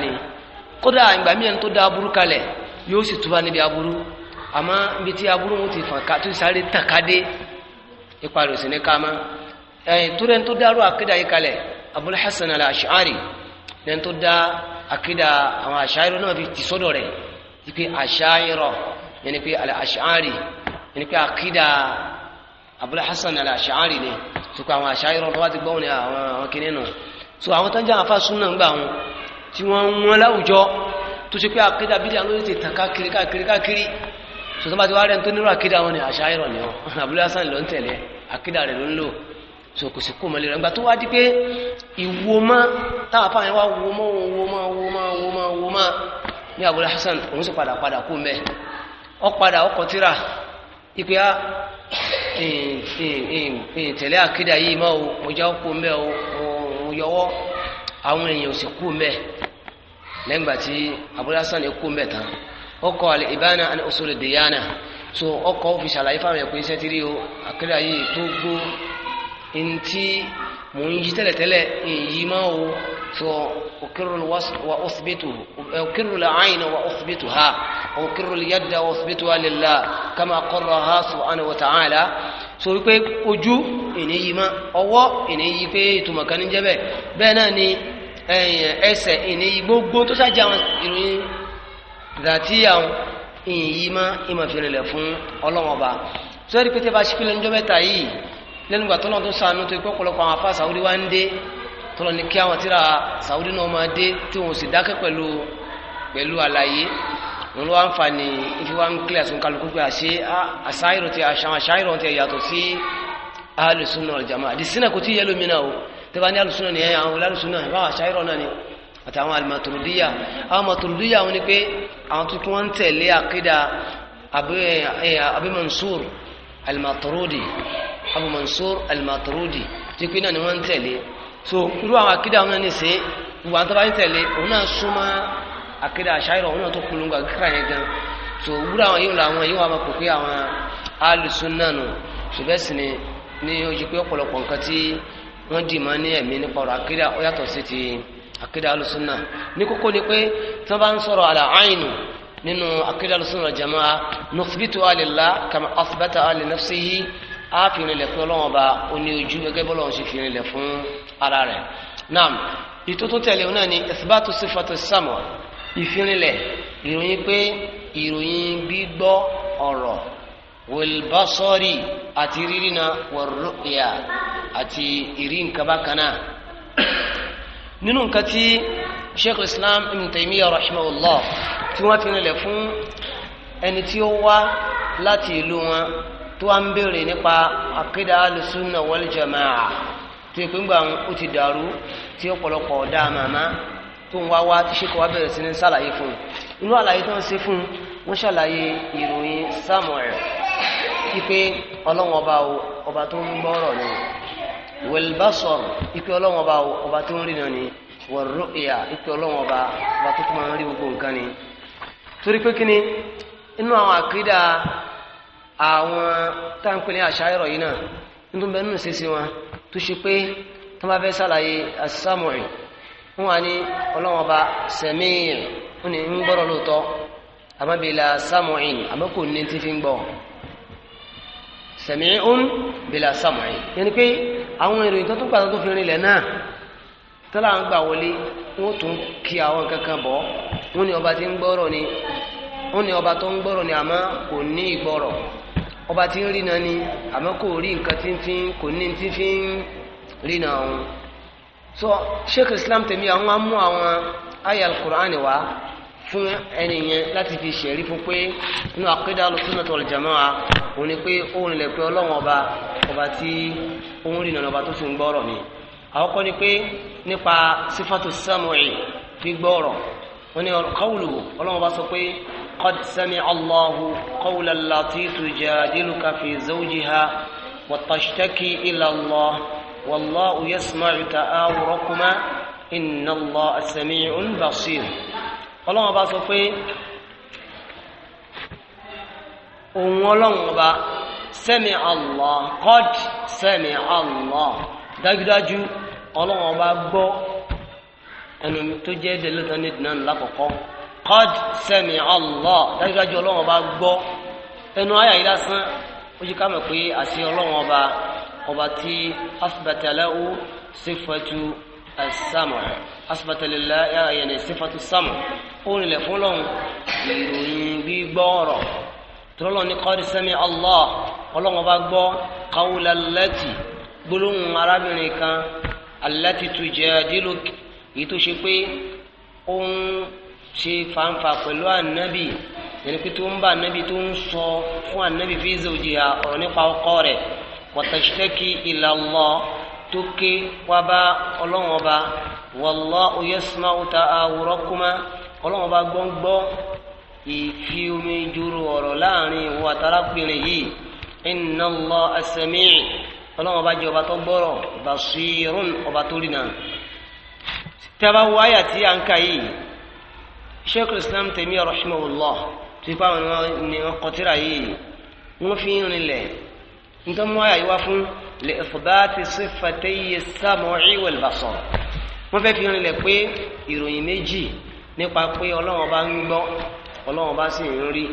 kódà ìgbà míì tó dá aburú kalẹ̀ yóò sì túbà níbi aburú àmọ́ ibi tí aburú wọn ti fàn ká tó sáré tàn ká dé ipa rẹ̀ sì ní ká mọ́ ẹ̀yìn tó rẹ̀ tó dárú àkídà yìí kalẹ̀ Hasan al-Ash'ari rẹ̀ ń tó dá àkídà àwọn Ash'ari náà fi tì sọ́dọ̀ rẹ̀ yìí pé Ash'ari yẹn ni pé al-Ash'ari yẹn ni Hasan al-Ash'ari ni tukọ̀ àwọn Ash'ari rọ̀ lọ́wọ́ ti gbọ́ ni àwọn kìnìún so àwọn tó ń jẹ́ àfa súnà ń gbà wọn tí wọ́n ń wọn láwùjọ tó ṣe pé àkídà bídíà ló ti tàn káàkiri káàkiri káàkiri tó sọ́ba ti wá rẹ̀ ń tó nírú àkídà wọn ni àṣà ìrọ̀ ni wọn Abul Hasan ló ń tẹ̀lé àkídà rẹ̀ ló ń lò so kò sí kó mọ̀lẹ́ rẹ̀ ńgbà tó wá di pé ìwo mọ́ táwọn afáàyàn wá mọ́ Abul Hasan òun sì padà padà kú mẹ́ ọ padà ọkọ̀ tíra ìpè á tẹ̀lé àkídà yìí mọ́ o mo já kú àwọn èèyàn ò sì kú mẹ́ lẹ́yìn ìgbà tí abúlé hasan ní kú mẹ́ta ọkọ̀ al-ibana an usul ad-diyana so ọkọ̀ ó fi ṣàlàyé fáwọn ẹ̀kọ́ iṣẹ́ tí rí o àkírà yìí tó gbó ntí mò ń yí tẹ́lẹ̀tẹ́lẹ̀ èyí máa o so ukirul wasf wa uthbitu ukirul ayn wa uthbituha wa ukirul yadda wa uthbituha lillah kama qarraha subhanahu wa so wípé ojú ènìyí máa ọwọ́ ènìyí pé ìtumọ̀ kan ní jẹ́ bẹ́ẹ̀ náà ni ẹsẹ̀ ìní gbogbo tó sájà àwọn ìròyìn ìdàtíyà ìyí má ìmọ̀fìrìnlẹ̀ fún ọlọ́mọba tó rí pété bá ṣípìlẹ̀ níjọ́ mẹ́ta yìí lẹ́nu ìgbà tó náà tó sànú tó ikú ọ̀pọ̀lọpọ̀ àwọn afá sàwúrí wá ń dé tó lọ ní kí àwọn tíra sàwúrí náà máa dé tí wọn sì dákẹ́ pẹ̀lú pẹ̀lú àlàyé wọn ló wá ń fa ní ifi wá ń kílẹ̀ sún kálukú pé àṣẹ àṣàyìrò ti àṣàyìrò ti yàtọ̀ sí ahlus sunnah wal àdìsínà kò tí yẹ lómìnà o tó bá ní alùsùnà ni àwọn olùsùnà ni báwọn àṣàyọrọ náà ni àtàwọn alìmọ̀tòlùdíyà àwọn mọ̀tòlùdíyà wọn ni pé àwọn tuntun wọn ń tẹ̀lé àkídà Abi Mansur al-Maturidi Abu Mansur al-Maturidi tí pé náà ni wọ́n ń tẹ̀lé so irú àwọn àkídà wọn ní sè wọ́n tó bá ń tẹ̀lé òun náà súnmọ́ àkídà àṣàyọrọ òun náà tó polongo àkíkà yẹn gan so wúrọ̀ àwọn yìí làwọn yìí wọ́n máa kò pé àwọn alùsùnà nù ṣùgbẹ́sì ni ni ó yí pé ọ̀pọ̀lọpọ̀ nǹkan tí wọ́n dì mọ́ ní ẹ̀mí nípa ọ̀rọ̀ akídà ó yàtọ̀ sí ti akídà alùsùnà ní kókó ni pé tí wọ́n bá ń sọ̀rọ̀ àlà àìnù nínú akídà alùsùnà jamaa nusbitu alillah kama asbata ali nafsihi á fi rinlẹ̀ fún ọlọ́wọ́n ba ó ní ojú gẹ́gẹ́ bọ́lọ́ ṣe fi rinlẹ̀ fún ara rẹ̀ naam ìtótó tẹ̀lé wọn náà ni isbatu sifatu samọ ìfirinlẹ̀ ìròyìn pé ìròyìn gbígbọ́ ọ̀rọ̀ wòlbásọ́rì àti rírìnà wọ̀rọ̀kìyà àti ìrí nǹkan bákan náà nínú nǹkan tí sheikh islam ibn taymiyyah rahimahullah tí wọ́n fi rinlẹ̀ fún ẹni tí ó wá láti ìlú wọn tó wá ń béèrè nípa àkídà alùsùnà wal jama'a tó yẹ pé ńgbà ó ti dàrú tí ọ̀pọ̀lọpọ̀ dá màmá tó ń wá wá tí sheikh wa bẹ̀rẹ̀ sí ní sàlàyé fún un inú àlàyé tó ń ṣe fún un wọ́n ṣàlàyé ìròyìn samuel ipe ọlọ́wọ́n ọba o ọba tó ń gbọ́rọ̀ ni wal basar ipe ọlọ́wọ́n ọba o ọba tó ń rí náà ni war ru'ya ipe ọlọ́wọ́n ọba ọba tó tún máa ń rí gbogbo nǹkan ni torí pé kíni inú àwọn àkídà àwọn táǹpẹ́ ní àṣà ẹ̀rọ yìí náà nítorí bẹ́ẹ̀ nínú sísí wọn tó ṣe pé tó bá fẹ́ sàlàyé àsámùrì wọn wà ní ọlọ́wọ́n ọba sẹ̀míìn wọn ni ń gbọ́rọ̀ lóòótọ́ àmọ́bìlà sámùrì àmọ́ kò ní ti fi ń gbọ́ sami'un bila sam'i yẹni pé àwọn ìròyìn tó tún pàtàkì tó fi rinlẹ̀ náà tọ́lá ń gbà wọlé wọ́n tún kí àwọn kankan bọ̀ wọ́n ní ọba tí ń gbọ́rọ̀ ni wọ́n ní ọba tó ń gbọ́rọ̀ ni àmọ́ kò ní ìgbọ́rọ̀ ọba tí ń rìnà ni àmọ́ kò rí nǹkan tí ń fi kò ní tí ń fi rìnà ọ̀hún. so sheikh islam tèmi àwọn amú àwọn ayé al-Qur'an wa fún ẹnìyẹn láti fi ṣẹ̀rí fún pé inú àkídà al-sunnah wal jamā'ah òun ni pé òun lè pe ọlọ́run ọba ọba tí òun rìn ọ̀nà ọba tó fi ń gbọ́rọ̀ mi àkọ́kọ́ ni pé nípa sífàtò sam'i fi gbọ́rọ̀ wọn ni qawlu ọlọ́run ọba sọ pé qad sami'a Allahu qawla allati tujadiluka fi zawjiha wa tashtaki ila Allah wallahu ọlọ́run ọba sọ pé òun ọlọ́run ọba sẹ́mi Allah qad sẹ́mi Allah dájúdájú ọlọ́run ọba gbọ́ ẹnu tó jẹ́ délẹ́tọ́ ní ìdùnnà lákọ̀ọ́kọ́ qad sẹ́mi Allah dájúdájú ọlọ́run ọba gbọ́ ẹnu ayà yìí lásán ó yí ká mọ̀ pé àti ọlọ́run ọba ọba tí asbata lahu as-samu asibata lillahi yẹn sifatu samu ó nílẹ̀ fún lọ́hùn ìròyìn gbígbọ́ ọ̀rọ̀ tọ́lọ́ ní kọ́ sami Allah ọlọ́run bá gbọ́ qawla allati gbólóhùn arábìnrin kan allati tujadiluk èyí tó ṣe pé ó ń ṣe fanfa pẹ̀lú ànábì yẹni pé tó ń bá ànábì tó ń sọ fún ànábì fi zawjiha ọ̀rọ̀ nípa ọkọ rẹ̀ wa tashtaki ila Allah tó ké wá bá ọlọ́run ọba wallahu yasma'u ta'awurakuma ọlọ́run ọba gbọ́ngbọ́ ìfi omi juru ọ̀rọ̀ láàrin ìwọ àtàràpìnrin yìí inna Allaha as-sami' ọlọ́run ọba jẹ́ ọba tó gbọ́rọ̀ basirun ọba tó rí náà tẹ́bá wáyà tí a ń ka yìí sheikh islam Taymiyya rahimahullah tí pa ni wọ́n kọtíra yìí wọ́n fi ń rinlẹ̀ nítorí wáyà yìí fún لإثبات صفتي السمع والبصر wọ́n fẹ́ fi hàn lẹ̀ pé ìròyìn méjì nípa pé ọlọ́run ọba ń gbọ́ ọlọ́run ọba sì ń rí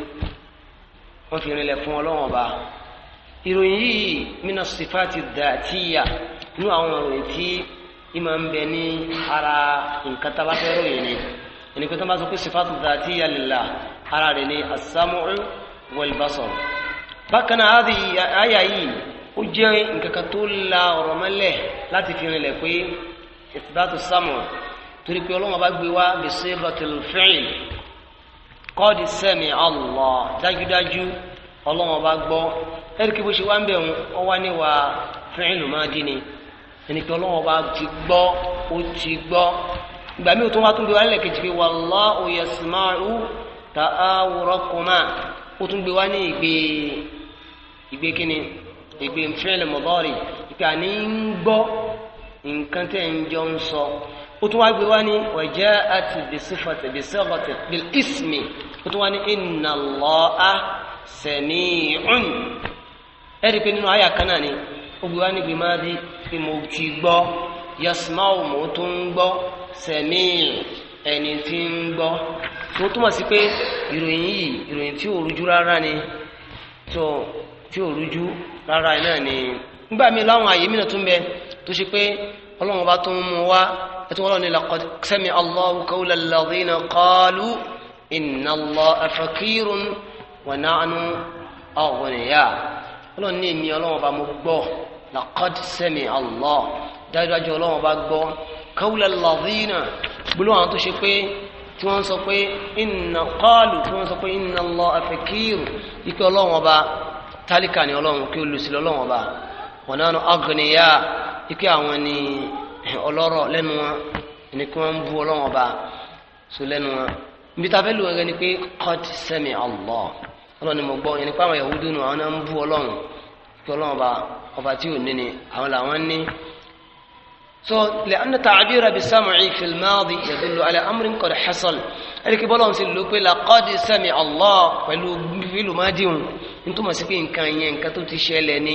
wọ́n fi hàn lẹ̀ fún ọlọ́run ọba ìròyìn yìí mina sifati dàtíyà nínú àwọn ìròyìn tí ìmọ̀ ń bẹ ní ara nǹkan tá a bá fẹ́ ròyìn ni ẹni pé tó bá sọ pé sifati dàtíyà lillah ara rẹ̀ ni asamu wal bákan náà àyà yìí ó jẹ́ nǹkan kan tó la ọ̀rọ̀ mọ́lẹ̀ láti fi rinlẹ̀ pé ìtìbátò sámù torí pé ọlọ́wọ́n bá gbé wá bèsè rọtìlù fẹ́ẹ̀lì kọ́ọ̀dì sẹ́mi Allah dájúdájú ọlọ́wọ́n bá gbọ́ ẹ̀ríkì bó ṣe wá ń bẹ̀ ń níwà máa dín ni ẹni pé ọlọ́wọ́n bá ti gbọ́ ó ti gbọ́ ìgbà míì tó wá tún gbé wá nílẹ̀ kejì pé wallahu yasma'u ta'awurakuma ó tún gbé wá ní ìgbé ìgbé ìgbé fẹ́ẹ̀lì mọ̀dọ́rì ìpè àní ń gbọ́ nǹkan tẹ́ ń jọ ń sọ ó tún wá gbé wá ní ọ̀jẹ́ àti bìsífọ̀tì bìsífọ̀tì bil ismi ó tún wá ní inna Allaha sami'un ẹ̀rí pé nínú àyà kan náà ni ó gbé wá ní gbé máa dé pé mo ti gbọ́ yasmau mo tún ń gbọ́ sami'un ẹni tí ń gbọ́ tó túmọ̀ sí pé ìròyìn yìí ìròyìn tí ò rújú rárá ni tó tí ò rújú rárá iná ni nígbà míì láwọn àyè mìíràn tún bẹ tó ṣe pé ọlọ́run bá tún mú wá ẹtú wọn lọ́ni laqad sami Allahu qawla alladhina qalu inna Allaha faqirun wa nahnu aghniya ọlọ́run ní èmi ọlọ́run bá mo gbọ́ laqad sami Allah dájúdájú ọlọ́run bá gbọ́ qawla tí wọ́n sọ pé inna qalu tí wọ́n sọ pé inna Allaha faqirun ikú ọlọ́run ọba tálíkà ní ọlọ́run kí olùsí lọ́lọ́run ọba wọn náà agniya ike àwọn ni ọlọ́rọ̀ lẹ́nu wọn ni kí wọ́n ń bú ọlọ́run ọba so lẹ́nu wọn níbi tá a fẹ́ lù wọ́n gẹ́ni pé qad sami Allah ọlọ́run mo gbọ́ yẹn ni pé àwọn Yahudu nù àwọn náà ń bú ọlọ́run kí ọlọ́run ọba ọba tí ò ní àwọn làwọn ní. So, لأن تعبير بسمع في الماضي يدل على أمر قد حصل. ẹ̀rí kí bọ́lá ń sì lò pé لقد سمع الله pẹ̀lú fílù má dìhun nítorí wọn sì pé nǹkan yẹn nǹkan tó ti ṣẹlẹ̀ ní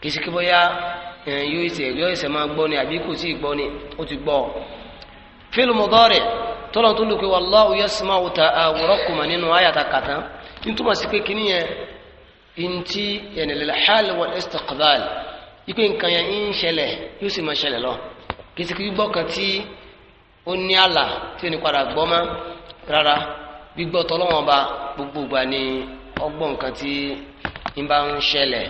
kìsìkì bóyá yóò ìsẹ̀ yóò ìsẹ̀ máa gbọ́ ni àbí kò tí ì gbọ́ ni ó ti gbọ́ fílù mọ́dọ́rẹ̀ tọ́lọ́ tó lù pé wallahu yasma'u ta'awurakuma nínú ayàtà kàtán nítorí wọn sì pé kíní yẹn ntí yẹn lil hal wal istiqbal ipe nǹkan yẹn ń ṣẹlẹ̀ yóò sì máa ṣẹlẹ̀ lọ kìsìkì kan tí ó ní àlà tí ó ní padà gbọ́ mọ́ rárá gbígbọ́ tọ́lọ́wọ́n ba gbogbo ìgbà ni ọgbọ́n nǹkan tí ń bá ń ṣẹlẹ̀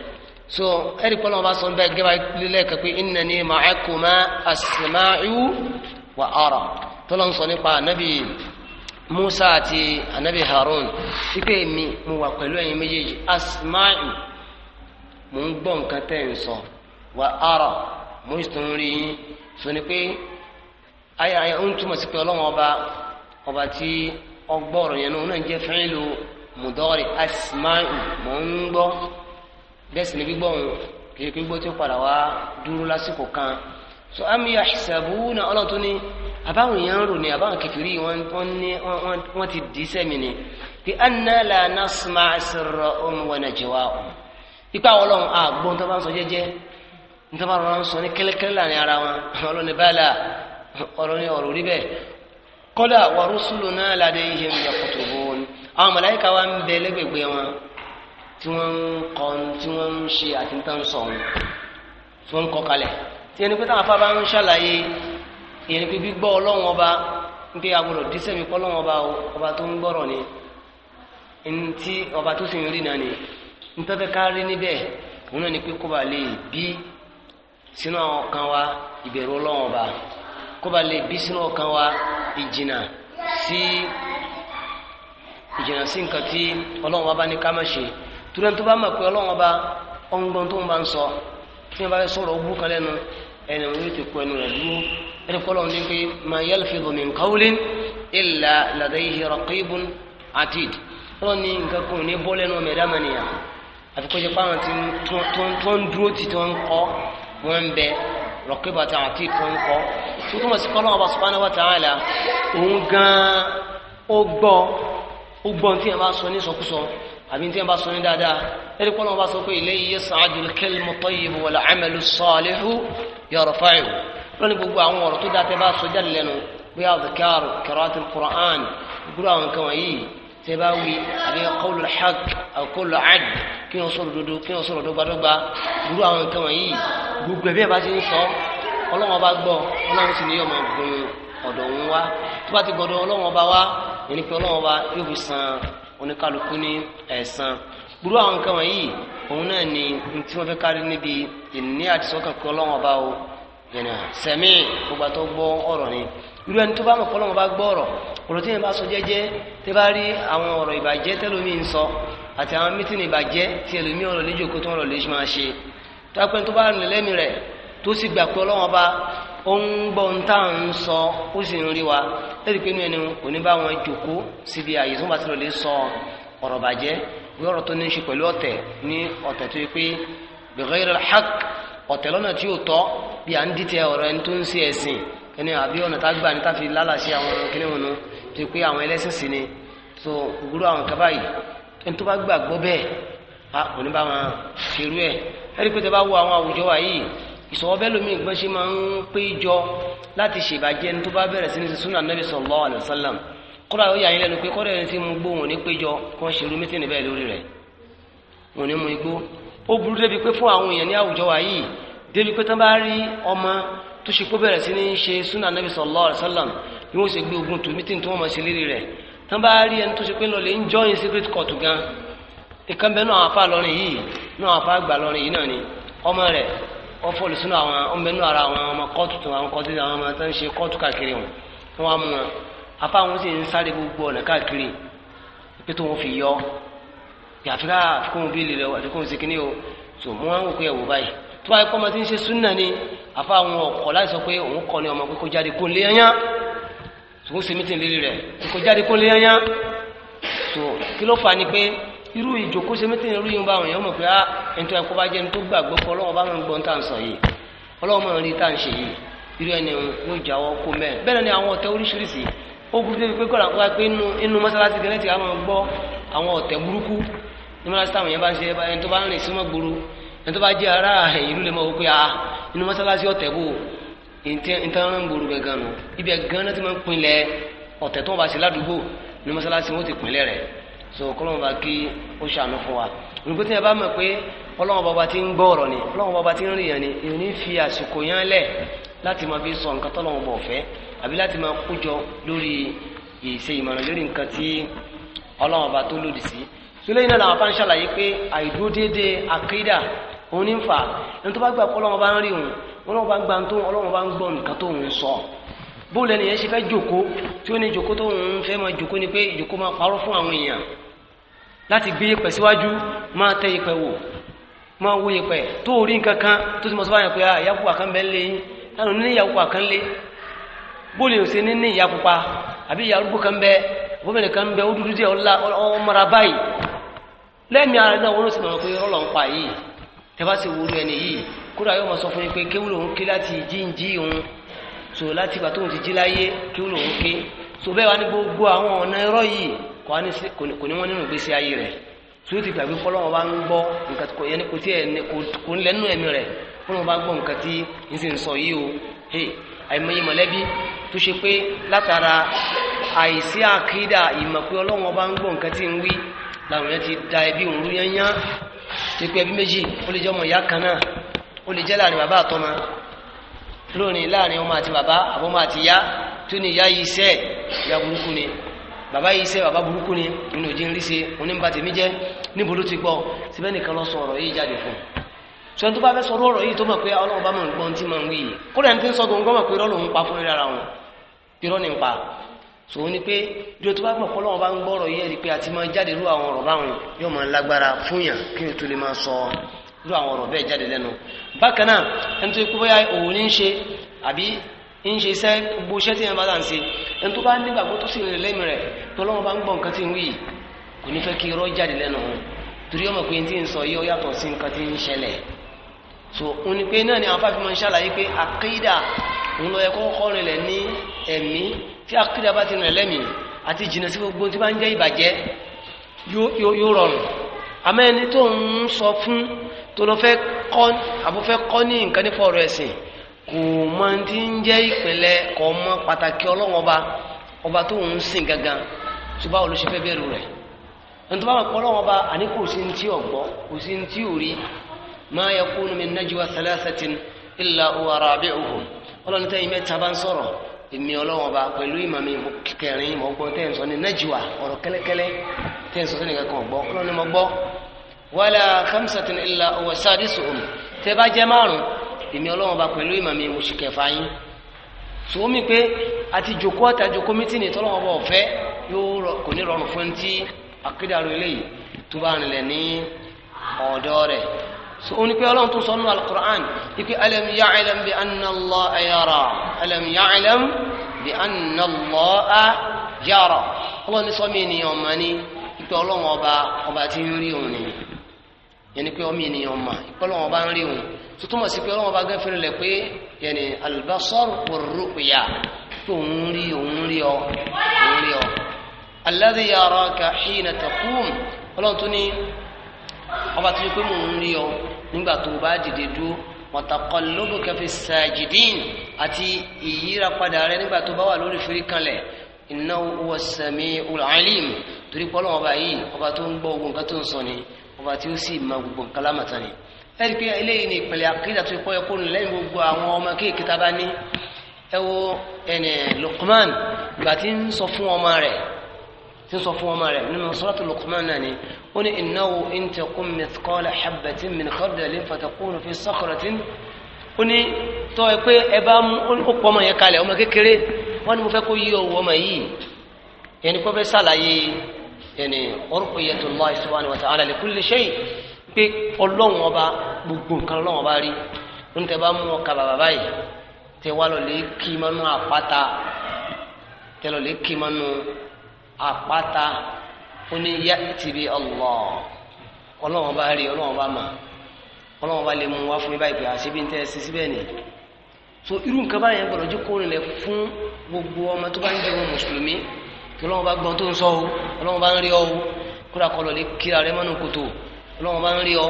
so ẹ̀rí pọ́lọ́n bá sọ bẹ́ẹ̀ gẹ́gẹ́ bá lẹ́ẹ̀kan pé innani ma'akuma asma'u wa ara tọ́lọ́ ń sọ nípa ànábì Musa àti ànábì Harun wípé mi mo wà pẹ̀lú ẹ̀yin méjèèjì asma'u mo ń gbọ́ nǹkan tẹ́ ń sọ wa ara mo sì tún rí yín sọ ni pé ayé ayé ń túmọ̀ sí pé ọlọ́wọ́n ọba ọba tí ọgbọ́ọ̀rọ̀ yẹn náà ń jẹ́ fẹ́ẹ́ lò mùdọ́rì asmáì mò ń gbọ́ bẹ́ẹ̀ sì ni gbígbọ́ òun kìí gbígbọ́ tí ó padà wá dúró lásìkò kan so ami ahsabuna ọlọ́run tó ní àbáwọn èèyàn ń rò ní àbáwọn kẹfìrí wọ́n ti dì í sẹ́mi ni pé anna la nasma' sirrahum wa najwahum ipa ọlọ́run àgbọ̀n tó bá ń sọ jẹ́jẹ́ ní tó bá rọra ń sọ ní kẹ́lẹ́kẹ́lẹ́ láàrin ara wọn ọlọ́run bala ọ̀rọ̀ ni ọ̀rọ̀ rí bẹ́ẹ̀ kọ́dà wa rusuluna ladayhim yakutubun àwọn mọ̀láyíká wa ń bẹ lẹ́gbẹ̀gbẹ̀ wọn tí wọ́n ń kọ́ tí wọ́n ń ṣe àti ń tán sọ wọn tí wọ́n ń kọ́ kalẹ̀ tí ẹni pé táwọn afá bá ń ṣàlàyé ìyẹn ni pé gbígbọ́ ọlọ́wọ́n ọba ń pé agbọ́dọ̀ dísẹ́mi kọ́ ọlọ́wọ́n ọba ọba tó ń gbọ́rọ̀ ni ntí ọba tó sì ń rí náà ni ntọ́fẹ́ ká rí níbẹ̀ òun náà ni pé kó ba lè bí sínú àwọn kan wa ìbẹ̀rù ọlọ́wọ́n ọba kó ba lè bí sínú ọkàn wa ìjìnà sí ìjìnà sí nǹkan tí ọlọ́run ọba ní ká má ṣe torí tó bá mọ̀ pé ọlọ́run ọba ọ̀ngbọ́n tó ń bá ń sọ tí wọ́n bá fẹ́ sọ̀rọ̀ ogún kan lẹ́nu ẹni wọn yóò ti kó ẹnu rẹ̀ dúró ẹni kọ́ lọ́run ní pé ma yalfidhu min qawlin illa ladayhi raqibun atid ọlọ́run ní nǹkan kan ò ní bọ́ lẹ́nu ọmọ ẹ̀dá mànìyà àfi kó jẹ́ pé àwọn wọ́n ó gbọ́n tí yẹn bá sọ ní sọkúsọ àbí tí yẹn bá sọ ní dáadáa lẹ́yìn pọ́n náà bá sọ pé ilayhi yas'adu al-kalmu at-tayyibu wal-'amalu as-salihu yarfa'uhu lónìí gbogbo àwọn ọ̀rọ̀ tó dáa tẹ́ bá sọ jáde lẹ́nu bóyá àdìkárò kẹrọ́tì kùrán gbúrò àwọn nǹkan wọ̀nyí tẹ́ bá wí àbí qawlu al-haqq ad kí wọ́n sọ̀rọ̀ dodo kí wọ́n sọ̀rọ̀ dọ́gbadọ́gba gbúrò àwọn nǹkan wọ̀nyí gbogbo ẹ̀bí ẹ̀ bá ti ń sọ ọlọ́wọ́n bá gbọ́ ọlọ́wọ́n sì ní máa gbọ́n ọ̀dọ̀ òun wá tó bá ti gbọ́dọ̀ ọlọ́wọ́n ọba wá ẹni pé ọlọ́wọ́n ọba yóò fi san oníkálukú ní ẹ̀san gbúrú àwọn nǹkan wọ̀nyí òun náà ni tí wọ́n fẹ́ kárí níbi ìní àti sọ́kàn pé ọlọ́wọ́n ọba o yẹn sẹ́mi gbogbo tó gbọ́ ọ̀rọ̀ ni irú ẹni tó bá mọ̀ pé ọlọ́wọ́n ọba gbọ́ ọ̀rọ̀ ọ̀rọ̀ tí yẹn bá sọ jẹ́jẹ́ tẹ́ bá rí àwọn ọ̀rọ̀ ìbàjẹ́ tẹ́lómi ń sọ àti àwọn mítìnì ìbàjẹ́ tí ẹlòmí ọ̀rọ̀ lójú òkú tó ń rọ̀ lè máa ṣe tápẹ́ tó bá rìn lẹ́mìí rẹ̀ tó sì gbà pé ọlọ́wọ́n ọba ó ń gbọ́ ń tà ń sọ ó sì ń rí wa lẹ́yìn pé inú ẹni òní bá wọn jòkó síbi àyè tó ń bá ti lọ lè sọ ọ̀rọ̀ bàjẹ́ bí ọ̀rọ̀ tó ní í ṣe pẹ̀lú ọ̀tẹ̀ ní ọ̀tẹ̀ tó yẹ pé bighayr al-haqq ọ̀tẹ̀ lọ́nà tí yóò tọ́ bí à ń dìtẹ̀ ọ̀rọ̀ ẹni tó ń ṣe ẹ̀sìn kẹ́ni àbí ọ̀nà tá gbà ní tá fi lálàsí àwọn kíní wọn tó yẹ pé àwọn ẹlẹ́sìn sí ni tó gbúrú àwọn kaba yìí ẹni tó bá gbàgbọ́ bẹ́ẹ̀ a òní bá wọn ṣerú ẹ̀ ẹ̀rí pé tẹ bá wo àwọn àwùjọ wa yìí ìsọ̀wọ́ bẹ́ẹ̀ lómi ìgbọ́n ṣe máa ń pé jọ láti ṣèbàjẹ́ ní tó bá bẹ̀rẹ̀ sí ní ṣe súnà nàbì sallallahu alaihi wasallam kọ́ra ó yà yín lẹ́nu pé kọ́ra ẹni tí mo gbóhùn ní péjọ kan ṣe irú mítìnì bẹ́ẹ̀ lórí rẹ̀ wọn ni mo igbó ó burú débi pé fún àwọn èèyàn ní àwùjọ wa yìí débi pé tán bá rí ọmọ tó ṣe pé bẹ̀rẹ̀ sí ní ṣe súnà nàbì sallallahu alaihi ni wọ́n ṣe gbé ogun tó mítìnì tó wọ́n máa ṣe lérí rẹ̀ tán bá rí ẹni tó ṣe pé lọ́lẹ̀ ń jọ́ in secret court gan ìkan bẹ́ẹ̀ náà àfa lọ́rin yìí náà àfa àgbà lọ́rin yìí náà ni ọmọ rẹ̀ wọ́n fọ́ọ̀lù sínú àwọn ọmọbẹ́nu ara àwọn ọmọ kọ́ọ̀tù tó àwọn kọ́ọ̀tù àwọn ọmọ tó ń ṣe kọ́ọ̀tù káàkiri wọn tí wọ́n á mú wọn apá wọn sì ń sáré gbogbo ọ̀nà káàkiri pé tó wọn fi yọ yàtúrà àfikún bíi lílẹ̀ àfikún sí kíní o tó mú wọn kó ẹ̀wò báyìí tó wáyé kọ́ ọmọ tí ń ṣe súnà ni apá wọn ọkọ̀ láì sọ pé òun kọ́ ni ọmọ pé kó jáde kó lé yányá tó ń ṣe mítìn lílẹ̀ rẹ̀ kó jáde kó lé yányá tó kí ló fà ni pé irú ìjòkó ṣe mítìn irú yìí ń bá àwọn èèyàn mọ̀ pé á ah, ẹni tó ẹ̀kọ́ bá jẹ́ ẹni tó gbàgbọ́ pé ọlọ́wọ́ bá máa ń gbọ́n tá à ń sọ yìí ọlọ́wọ́ máa ń rí tá à ń ṣe yìí irú ẹni yóò jáwọ́ kó mẹ́rin bẹ́ẹ̀ ni àwọn ọ̀tẹ̀ oríṣiríṣi ó burú débi pé kọ́ra wá pé inú mọ́sálásí gẹ́gẹ́ ti àwọn gbọ́ àwọn ọ̀tẹ̀ burúkú ní mọ́sálásí táwọn yẹn bá ń ṣe ẹni tó bá ń rìn símọ́ gbòòrò ẹni tó a ah, inú mọ́sálásí ọ̀tẹ̀ bò ìtẹ́rán gbòòrò gẹ̀gàn nù ibẹ̀ gan náà ti máa ń pinlẹ̀ ọ̀tẹ̀ tó wọ́n bá ṣe ládùúgbò so kọ́lọ́wọ́n bá kí ó ṣàánú fún wa nígbà tí a bá mọ̀ pé ọlọ́wọ́n bàbá ti ń gbọ́ ọ̀rọ̀ ni ọlọ́wọ́n bàbá ti ń rìn yàn ni èyí ní fi àsìkò yẹn lẹ̀ láti máa fi sọ nǹkan tọ́lọ́wọ́n bọ̀ fẹ́ àbí láti máa kójọ lórí ìṣe ìmọ̀ràn lórí nǹkan tí ọlọ́wọ́n bá tó lòdì sí sọlẹ́yìn náà làwọn bá ń ṣàlàyé pé àìdúró déédéé òun ní fà ẹni tó bá gbà pé bá ń rí yẹn ṣe fẹ́ jòkó tí ó ní jòkó tó ń fẹ́ máa jòkó ni pé jòkó máa parọ́ fún àwọn èèyàn láti gbé yẹpẹ̀ síwájú máa tẹ yẹpẹ̀ wò máa wo yẹpẹ̀ tó rí nǹkan kan tó sì mọ̀ sọ́wọ́ yẹn pé ah, ìyàpupa kan bẹ́ẹ̀ lé yín lánàá ní ìyàpupa kan lé bóòlù yóò ṣe ní ní ìyàpupa àbí ìyàrúgbó kan bẹ́ẹ̀ gómìnà kan bẹ́ẹ̀ ó dúdú díẹ̀ ó mara báyìí lẹ́mìí ara náà wọ́n sì mọ̀ pé rọ́lọ̀ ń pa yìí tẹ́fà sì wúru ẹni yìí kúrò ayé wọn sọ fún yín pé kéwù lòun ké láti jíǹjí òun so kò ní wọ́n nínú ìgbésí ayé rẹ̀ tí ó ti gbàgbé fọlọ́wọ́n bá ń gbọ́ nǹkan kò yẹn kò tí ẹ̀ kò ń lẹ́nu ẹ̀mí rẹ̀ fọlọ́wọ́n bá gbọ́ nǹkan tí n sì ń sọ yìí o àìmọye mọ̀lẹ́bí tó ṣe pé látara àìsí àkídà ìmọ̀ pé ọlọ́wọ́n bá ń gbọ́ nǹkan tí ń wí làwọn yẹn ti da ẹbí òun rú yẹn yán tó pé ẹbí méjì ó lè jẹ́ ọmọ ìyá kan náà ó lè jẹ́ láàrin bàbá àtọmọ lónìí láàrin ọmọ àti bàbá àbọ̀mọ àti ìyá tó ní ìyá yìí sẹ́ẹ̀ ìyá burúkú ni bàbá yìí ṣe bàbá burúkú ni inú òjì ń rí ṣe onímbà tèmi jẹ́ níbo ti gbọ́ síbẹ̀ nìkan lọ sọ ọ̀rọ̀ yìí jáde fún un tó bá fẹ́ sọ̀rọ̀ ọ̀rọ̀ yìí tó mọ̀ pé ọlọ́run bá mọ̀ ń gbọ́n tí mọ̀ ń wí yìí kódà ní ti ń sọ gbọ́n pé rọ́ọ̀lù pa fún rírà wọn irọ́ ni ń pa sọ ni pé bí o tó bá mọ̀ pé ọlọ́run bá ń gbọ́rọ̀ yìí ẹ̀rí pé àti máa jáde rú àwọn ọ̀rọ̀ báwọn yóò máa lágbára fún yàn kí o tó lè máa sọ rú àwọn ọ̀rọ̀ bẹ́ẹ̀ jáde lẹ́nu bákan náà ẹni tó kú bóyá òun ní ń ṣe àbí ń ṣe iṣẹ́ gbogbo iṣẹ́ tí yẹn bá dà ń ṣe ẹni tó bá nígbàgbọ́ tó sì rìn lẹ́mìí rẹ̀ tó lọ́wọ́ bá ń gbọ́ nǹkan tí ń wí kò ní fẹ́ kí irọ́ jáde lẹ́nu òun torí ọmọ pé tí ń sọ yìí yàtọ̀ sí nǹkan tí ń ṣẹlẹ̀ so òun ni pé náà ni àwọn fáfi máa ń ṣàlàyé pé àkídà òun lọ yẹ kọ́kọ́ rinlẹ̀ ní ẹ̀mí tí àkídà bá ti rìn lẹ́mìí àti jìnnà sí gbogbo tí bá ń jẹ́ ìbàjẹ́ yóò rọrùn àmọ́ ẹni tó ń sọ fún tó lọ fẹ́ kọ́ àbúfẹ́ kọ́ ní nǹkan nípa ọ̀rọ̀ ẹ̀sìn kò mọ ti ń jẹ́ ìpínlẹ̀ kò mọ pàtàkì ọlọ́wọ́n ọba ọba tó ń sìn gangan tó báwo ló ṣe fẹ́ bẹ̀rù rẹ̀ nítorí báwọn ọ̀pọ̀ ọlọ́wọ́n ọba àní kò sí ti ọ̀gbọ́ kò sí ti òrí ma yakunu min najwa thalathatin illa huwa rabi'uhum ọlọ́ni tẹ́yìn mẹ́ta bá ń sọ̀rọ̀ èmi ọlọ́wọ́n ọba pẹ̀lú ìmọ̀ mi kẹrin mọ̀ gbọ́ sọ èmi ọlọ́run bá pẹ̀lú ìmọ̀ mi oṣù kẹfà yín sòwò mi pé àti jòkó àtàjò kọ́mítì ní tọ́lọ́wọ́n bá ọ̀fẹ́ yóò kò ní rọrùn fún ti akédàrú eléyìí tó bá rìnlẹ̀ ní ọ̀dọ́ rẹ̀ so ó ní pé ọlọ́run tó sọ nínú alukur'an ipe alam ya'lam bi anna Allaha yara alam ya'lam bi anna Allaha yara ọlọ́run ní sọ́mi ènìyàn ọ̀mọ́ ni ipe ọlọ́run ọba ọba ti ń rí òun nìyẹn yẹni pé ọmọ ènìyàn mà ìpọ́lọ́wọ́n bá ń rí òun tó túmọ̀ sí pé ọlọ́wọ́n bá gẹ́ fẹ́rẹ̀ lẹ̀ pé yẹni al-basar war-ru'ya tó ń rí òun rí ọ òun rí ọ. alladhi yaraka hina taqum ọlọ́run tó ní ọba tó yẹ pé mò ń rí ọ nígbà tó o bá dìde dúró wa taqallubuka fis-sajidin àti ìyíra padà rẹ nígbà tó bá wà lórí fèrè kanlẹ̀ innahu huwa ọba tí ó sì máa gbogbo nǹkan lámàtà ni ẹ̀rí pé eléyìí ni ìpìlẹ̀ àkídà tó kọ́ ẹkọ́ nù lẹ́yìn gbogbo àwọn ọmọ kéèké tá a bá ní ẹ wo ẹnì Luqman gbà tí ń sọ fún ọmọ rẹ̀ tí ń sọ fún ọmọ rẹ̀ nínú suratu Luqman náà ni ó ní innahu in takum mithqala habbatin min fi sakhratin ó ní tọ́ ẹ pé ẹ bá ó pọ̀ ọmọ yẹn kalẹ̀ ọmọ kékeré wọ́n ní mo fẹ́ kó yí ọwọ́ ọmọ yìí yẹn ni kó fẹ́ sàlàyé yẹni orúkúyẹtò lọ subhanahu wa ta'ala likulli shay pé ọlọ́run ọba gbogbo nǹkan ọlọ́run ọba rí ní bá mú ọkà bàbá báyìí tẹ wá lọ lè kí mọ́nú àpáta tẹ lọ lè kí mọ́nú àpáta ó yá tìbí Allah ọlọ́run ọba rí ọlọ́run ọba ọlọ́run ọba lè mú wá fún mi báyìí pé ń tẹ́ ẹ síbẹ̀ ni so irú nǹkan báyẹn gbọ́dọ̀ jókòó rìnlẹ̀ fún gbogbo ọmọ tó bá ọlọ́run bá gbọ́n tó ń sọ o ọlọ́run bá ń rí ọ o kúrò àkọlọ̀ lè kíra rẹ mọ́nú kòtò ọlọ́run bá ń rí ọ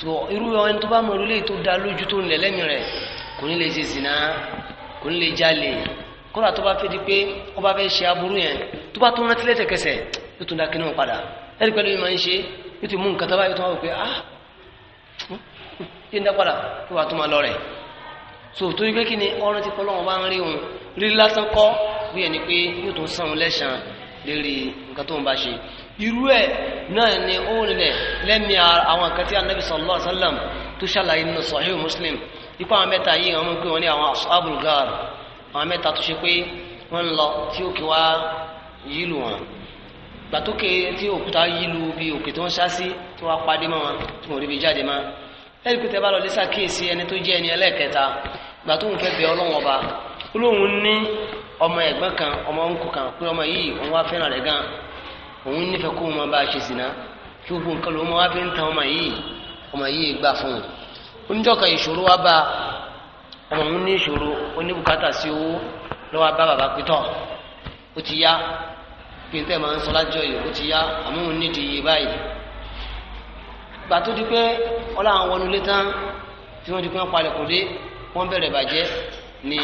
so irú ẹni tó bá mọ orílẹ̀ tó da lójú tó ń lẹ̀ lẹ́mìí rẹ̀ kò ní lè ṣe zìnà kò ní lè jalè kúrò àtọ́ bá fẹ́ di pé ó bá fẹ́ ṣe aburú yẹn tó bá tó rántí lẹ́sẹ̀kẹsẹ̀ yóò tún da kí náà padà ẹni pẹ̀lú mi máa ń ṣe yóò ti mú nǹkan tábà yóò tún wá pé ah yóò ń dá padà so torí pé kí ni ọ̀rọ̀ ti pọ̀ bí ẹni pé yóò tún san lẹ́sàn lérí nǹkan tó ń bá ṣe irú ẹ̀ náà ni ó rìnlẹ̀ lẹ́mí àwọn nǹkan tí anabi sallallahu alaihi tó ṣàlàyé nínú sahih muslim ipa àwọn mẹ́ta yìí àwọn pé wọ́n ní àwọn ashabul ghar àwọn mẹ́ta tó ṣe pé wọ́n ń lọ tí òkè wá yílù wọn gbàtókè tí òkúta yílù bí òkè tó ń ṣá sí tí wọ́n padé mọ́ wọn tí wọ́n rí bí jáde mọ́ ẹ̀rí pé tẹ́bá lọ lé sàkíyèsí ẹni tó jẹ́ ẹni ẹlẹ́ẹ̀kẹta gbà bẹ ọlọ́wọ́n ọba olóhùn ní ọmọ ẹ̀gbọ́n kan ọmọ nkù kan pé ọmọ yìí òun wá fẹ́ràn rẹ̀ gan òun nífẹ̀ẹ́ kó wọn bá a ṣe sìnà kí gbogbo nǹkan lòun wá fi ń tan ọmọ yìí ọmọ yìí gbà fún un oníjọ́ka ìṣòro wá bá ọmọ òun ní ìṣòro oníbùkátà sí owó lọ́wọ́ bá bàbá pétọ́ ó ti yá pé tẹ́ máa ń sọ lájọ yìí ó ti yá àmọ́ òun nídìí iye báyìí gbà tó di pé ọlá àwọn wọnú létán tí wọ́n di pé wọ́n palẹ̀ kò dé wọ́n bẹ̀rẹ̀ bàjẹ́ ni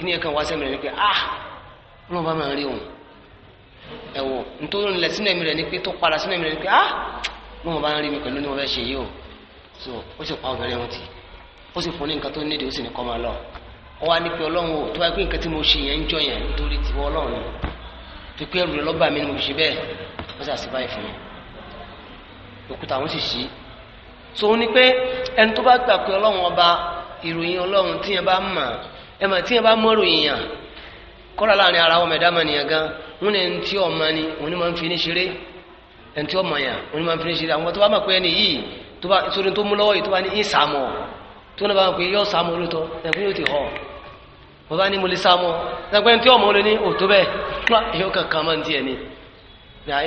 kíní ẹ̀kan wá sẹ́mi rẹ̀ ni pé ah wọn bá máa rí òun ẹ̀wọ̀ nítorí ilẹ̀ sínú ẹ̀mí rẹ̀ ni pé tó padà sínú ẹ̀mí rẹ̀ ni pé ah wọn bá ń rí mi pẹ̀lú ní wọn fẹ́ ṣe yìí o so ó sì pa obìnrin wọn ti ó sì fún ní nǹkan tó nídìí ó sì ní kọ́ máa lọ ó wá ní pé ọlọ́run o tó wáyé pé nǹkan tí mo ṣe yẹn ń jọ yẹn nítorí tiwọ́ ọlọ́run ni tó pé ẹrù lọ́ba mi ni mo ṣe bẹ́ẹ̀ wọ́n sì àṣìbáyé fún mi òkúta àwọn sì ṣí so ó ní pé ẹni tó bá gbà pé ọlọ́run ọba ìròyìn ọlọ́run tíyẹn bá mọ̀ ẹ mà tí yẹn bá mọ́rò èèyàn kọ́ra láàrin ara ọmọ ẹ̀dá mọ̀nìyàn gan wọn ni ẹni tí ọmọ ni òun ni máa ń fi ní ṣeré ẹni tí ọmọ yàn òun ni máa ń fi ní ṣeré àwọn tó bá mọ̀ pé ẹni yìí tó bá sórí tó mú lọ́wọ́ yìí tó bá ní í sàmọ̀ tó náà bá mọ̀ pé yọ sàmọ̀ olóòótọ́ ẹ̀kú yóò ti họ wọ́n bá ní mo lè sàmọ̀ ẹgbẹ́ ẹni tí ọmọ olóní ò tó bẹ́ẹ̀ yóò kankan máa ń ni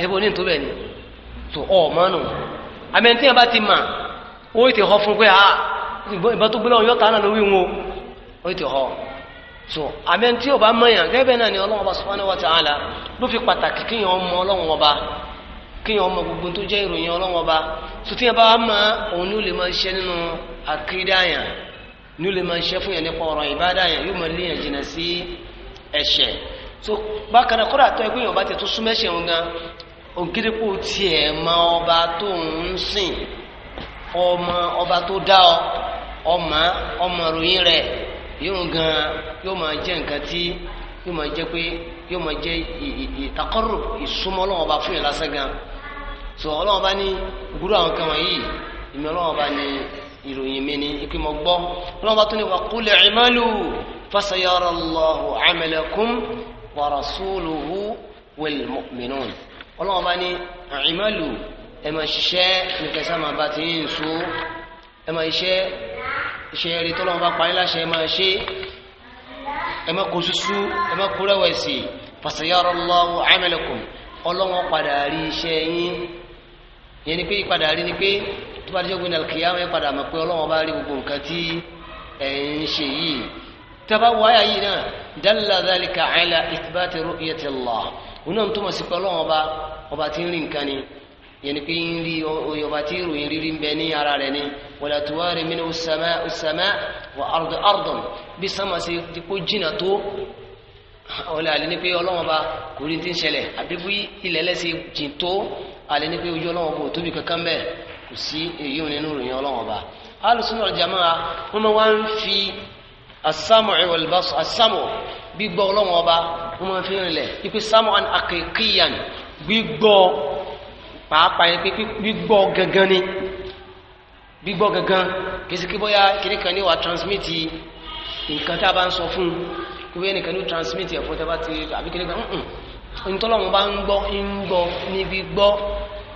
ẹbí oní tó bẹ́ẹ̀ ni tó ọ̀ máa nù àmì ẹni tí yẹn bá ti ó ti so àmì tí ò bá mọ̀yàn gẹ́gẹ́ náà ni ọlọ́run ọba subhanahu wa ta'ala ló fi pàtàkì kíyàn ọmọ ọlọ́run ọba kíyàn ọmọ gbogbo tó jẹ́ ìròyìn ọlọ́run ọba so tíyàn bá mọ òun ni ó lè máa ṣiṣẹ́ nínú àkídáyàn ni ó lè so bákan náà kódà tó ẹgbẹ́ yàn ọba tẹ̀ tó súnmẹ́ṣẹ̀ wọn gan ògidìpọ̀ tiẹ̀ mọ ọba tó ń sìn ọmọ ọba tó dá ọ ọmọ ọmọ ìròyìn rẹ̀ yóò gan yóò máa jẹ́ nǹkan tí yóò máa jẹ́ pé yóò máa jẹ́ ìtakọ́rò ìsúnmọ́ ọlọ́wọ́n bá fún yẹn lásán gan so ọlọ́wọ́n bá ní gbúrú àwọn kan wọ̀nyí ìmọ̀ ọlọ́wọ́n bá ní ìròyìn mi ní ikú mọ̀ gbọ́ ọlọ́wọ́n bá tún ní waqul i'malu fasayara Allahu 'amalakum wa rasuluhu wal mu'minun ọlọ́wọ́n ní i'malu ẹ̀ iṣẹ́ eré tó lọ́wọ́ bá parí láṣẹ ẹ máa ṣe ẹ má kó susu ẹ má kó rẹ̀wẹ̀sì fasayara Allahu amalakum ọlọ́wọ́n padà rí iṣẹ́ yín yẹn ni pé ìpadà rí ni pé tó bá dé ọgbìn alkiyama ẹ padà mọ̀ pé ọlọ́wọ́n bá rí gbogbo nǹkan tí ẹ̀ ń ṣe yìí tẹ́bá wáyà yìí náà dalla dhalika ala ithbati ru'yati Allah yẹn ni pé ń rí ọba tí ìròyìn rírí ń bẹ ní ara rẹ̀ ni wala tuwari minhu as-samaa as-samaa wa ardu ardan bí sánmà sí ti kó jìnà tó ọlẹ́ àlẹ́ ni pé ọlọ́wọ́n bá kò rí ti ń ṣẹlẹ̀ àbí bí ilẹ̀ lẹ́sẹ̀ jìn tó àlẹ́ ni pé ojú ọlọ́wọ́n bò tóbi kankan bẹ́ẹ̀ kò sí èyí nínú ìròyìn ọlọ́wọ́n alùsùnà jamaa wọ́n máa wá ń fi asámù ìwọlbásù asámù gbígbọ́ ọlọ́wọ́n ọba máa fi rìnlẹ̀ pàápàá yẹn pé gbígbọ́ gangan ni gbígbọ́ gangan kìsì kí bóyá kìnnì kan ní wàá transmit nǹkan tá a bá ń sọ fún un kí ẹnìkan ní transmit ẹ̀ fún tẹ́bá ti àbí kìnnì kan ntọ́lọ́wọ́n bá ń gbọ́ ń gbọ́ níbi gbọ́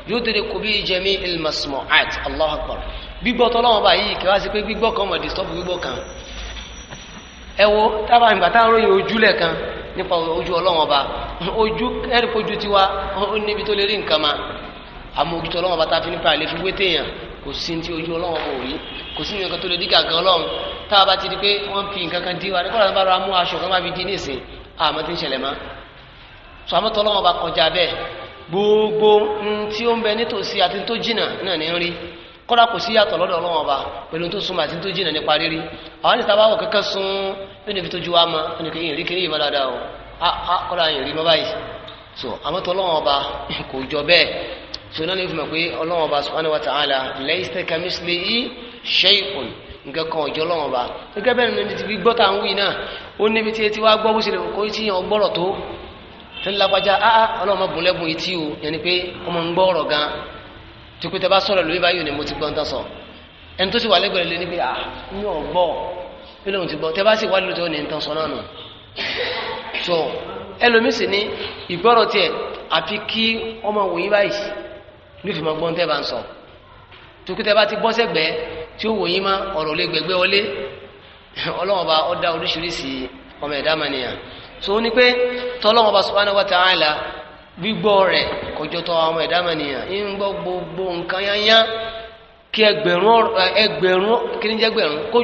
yóò tẹ̀lé kò bí jẹ́mi ilmasmo at Allahu Akbar gbígbọ́ tọ́lọ́wọ́n bá yìí kí wá sí pé gbígbọ́ kan mọ̀ disturb gbígbọ́ kan ẹ wo tábà ìgbà táwọn ròyìn ojúlẹ̀ kan nípa ojú ọlọ́wọ́n bá ojú ẹ̀rí kojú tiwa ó níbi tó lè rí nǹkan máa amójútó ọlọ́wọ́n bàtà fi nípa àlefi wé téèyàn kò sí ní ti ojú ọlọ́wọ́n bò rí kò sí nǹkan tó lè dí gàgán ọlọ́run tá a bá ti di pé wọ́n fi nǹkan kan dí wa ní kọ́ńtà bá ra mú aṣọ kan bá fi dí nísìn àmọ́ ti ń ṣẹlẹ̀ mọ́ sọ àmọ́tọ́ ọlọ́wọ́n bá kọjá bẹ́ẹ̀ gbogbo tí ó ń bẹ nítòsí àti tó jìnà náà ní rí kọ́dà kò sí yàtọ̀ lọ́dọ̀ ọlọ́wọ́n ọba pẹ̀lú tó súnmọ́ àti tó jìnà nípa rírí àwọn níta bá wọ̀ kẹ́kẹ́ sún nínú ibi tó ju wa mọ́ nínú kí ìrìkì yìí mọ́ dáadáa o kọ́dà ìrì mọ́ báyìí so àmọ́tọ́ ọlọ́wọ́n ọba kò jọ bẹ́ẹ̀ sọ̀nà ni ó fi mọ̀ pé ọlọ́run ọba subhanahu wa ta'ala laysa kamislihi shay'un nǹkan kan ọ̀jọ́ ọlọ́run ọba gẹ́gẹ́ bẹ́ẹ̀ ni ti fi gbọ́ tá à ń wí náà ó níbi tí etí wá gbọ́ bó ṣe lè kó tí yàn gbọ́rọ̀ tó tó ń lágbájá áá ah, ah, ọlọ́run ọba bùnlẹ́bùn etí o yẹn ni pé ọmọ ń gbọ́rọ̀ gan tó pé tẹ bá sọ̀rọ̀ lórí báyìí ni mo ti gbọ́ ń tán sọ ẹni tó sì wà lẹ́gbẹ̀rẹ̀ lé níbi àá ní ọ̀gbọ́ pé ah, ẹlòmísìn ní ìgbọ́rọ̀ tiẹ̀ àfi kí ọmọ wòye báyìí nífi mọ gbọ́n tẹ́ bá ń sọ tukutẹ bá ti bọ́ sẹ́gbẹ́ tí ó wòye má ọ̀rọ̀ lé gbẹgbẹ́ ọlé ọlọ́wọ́n bá ọ̀dá oríṣiríṣi ọmọ ẹ̀dá mànìyàn so ó ní pé tọ́lọ́wọ́n bá subhanahu wa ta'ala gbígbọ́ rẹ̀ kọjọ́ tọ́ ọmọ ẹ̀dá mànìyàn ń gbọ́ gbogbo nǹkan yányá kí ẹgbẹ̀rún ẹgbẹ̀rún kí ní jẹ́ gbẹ̀rún kó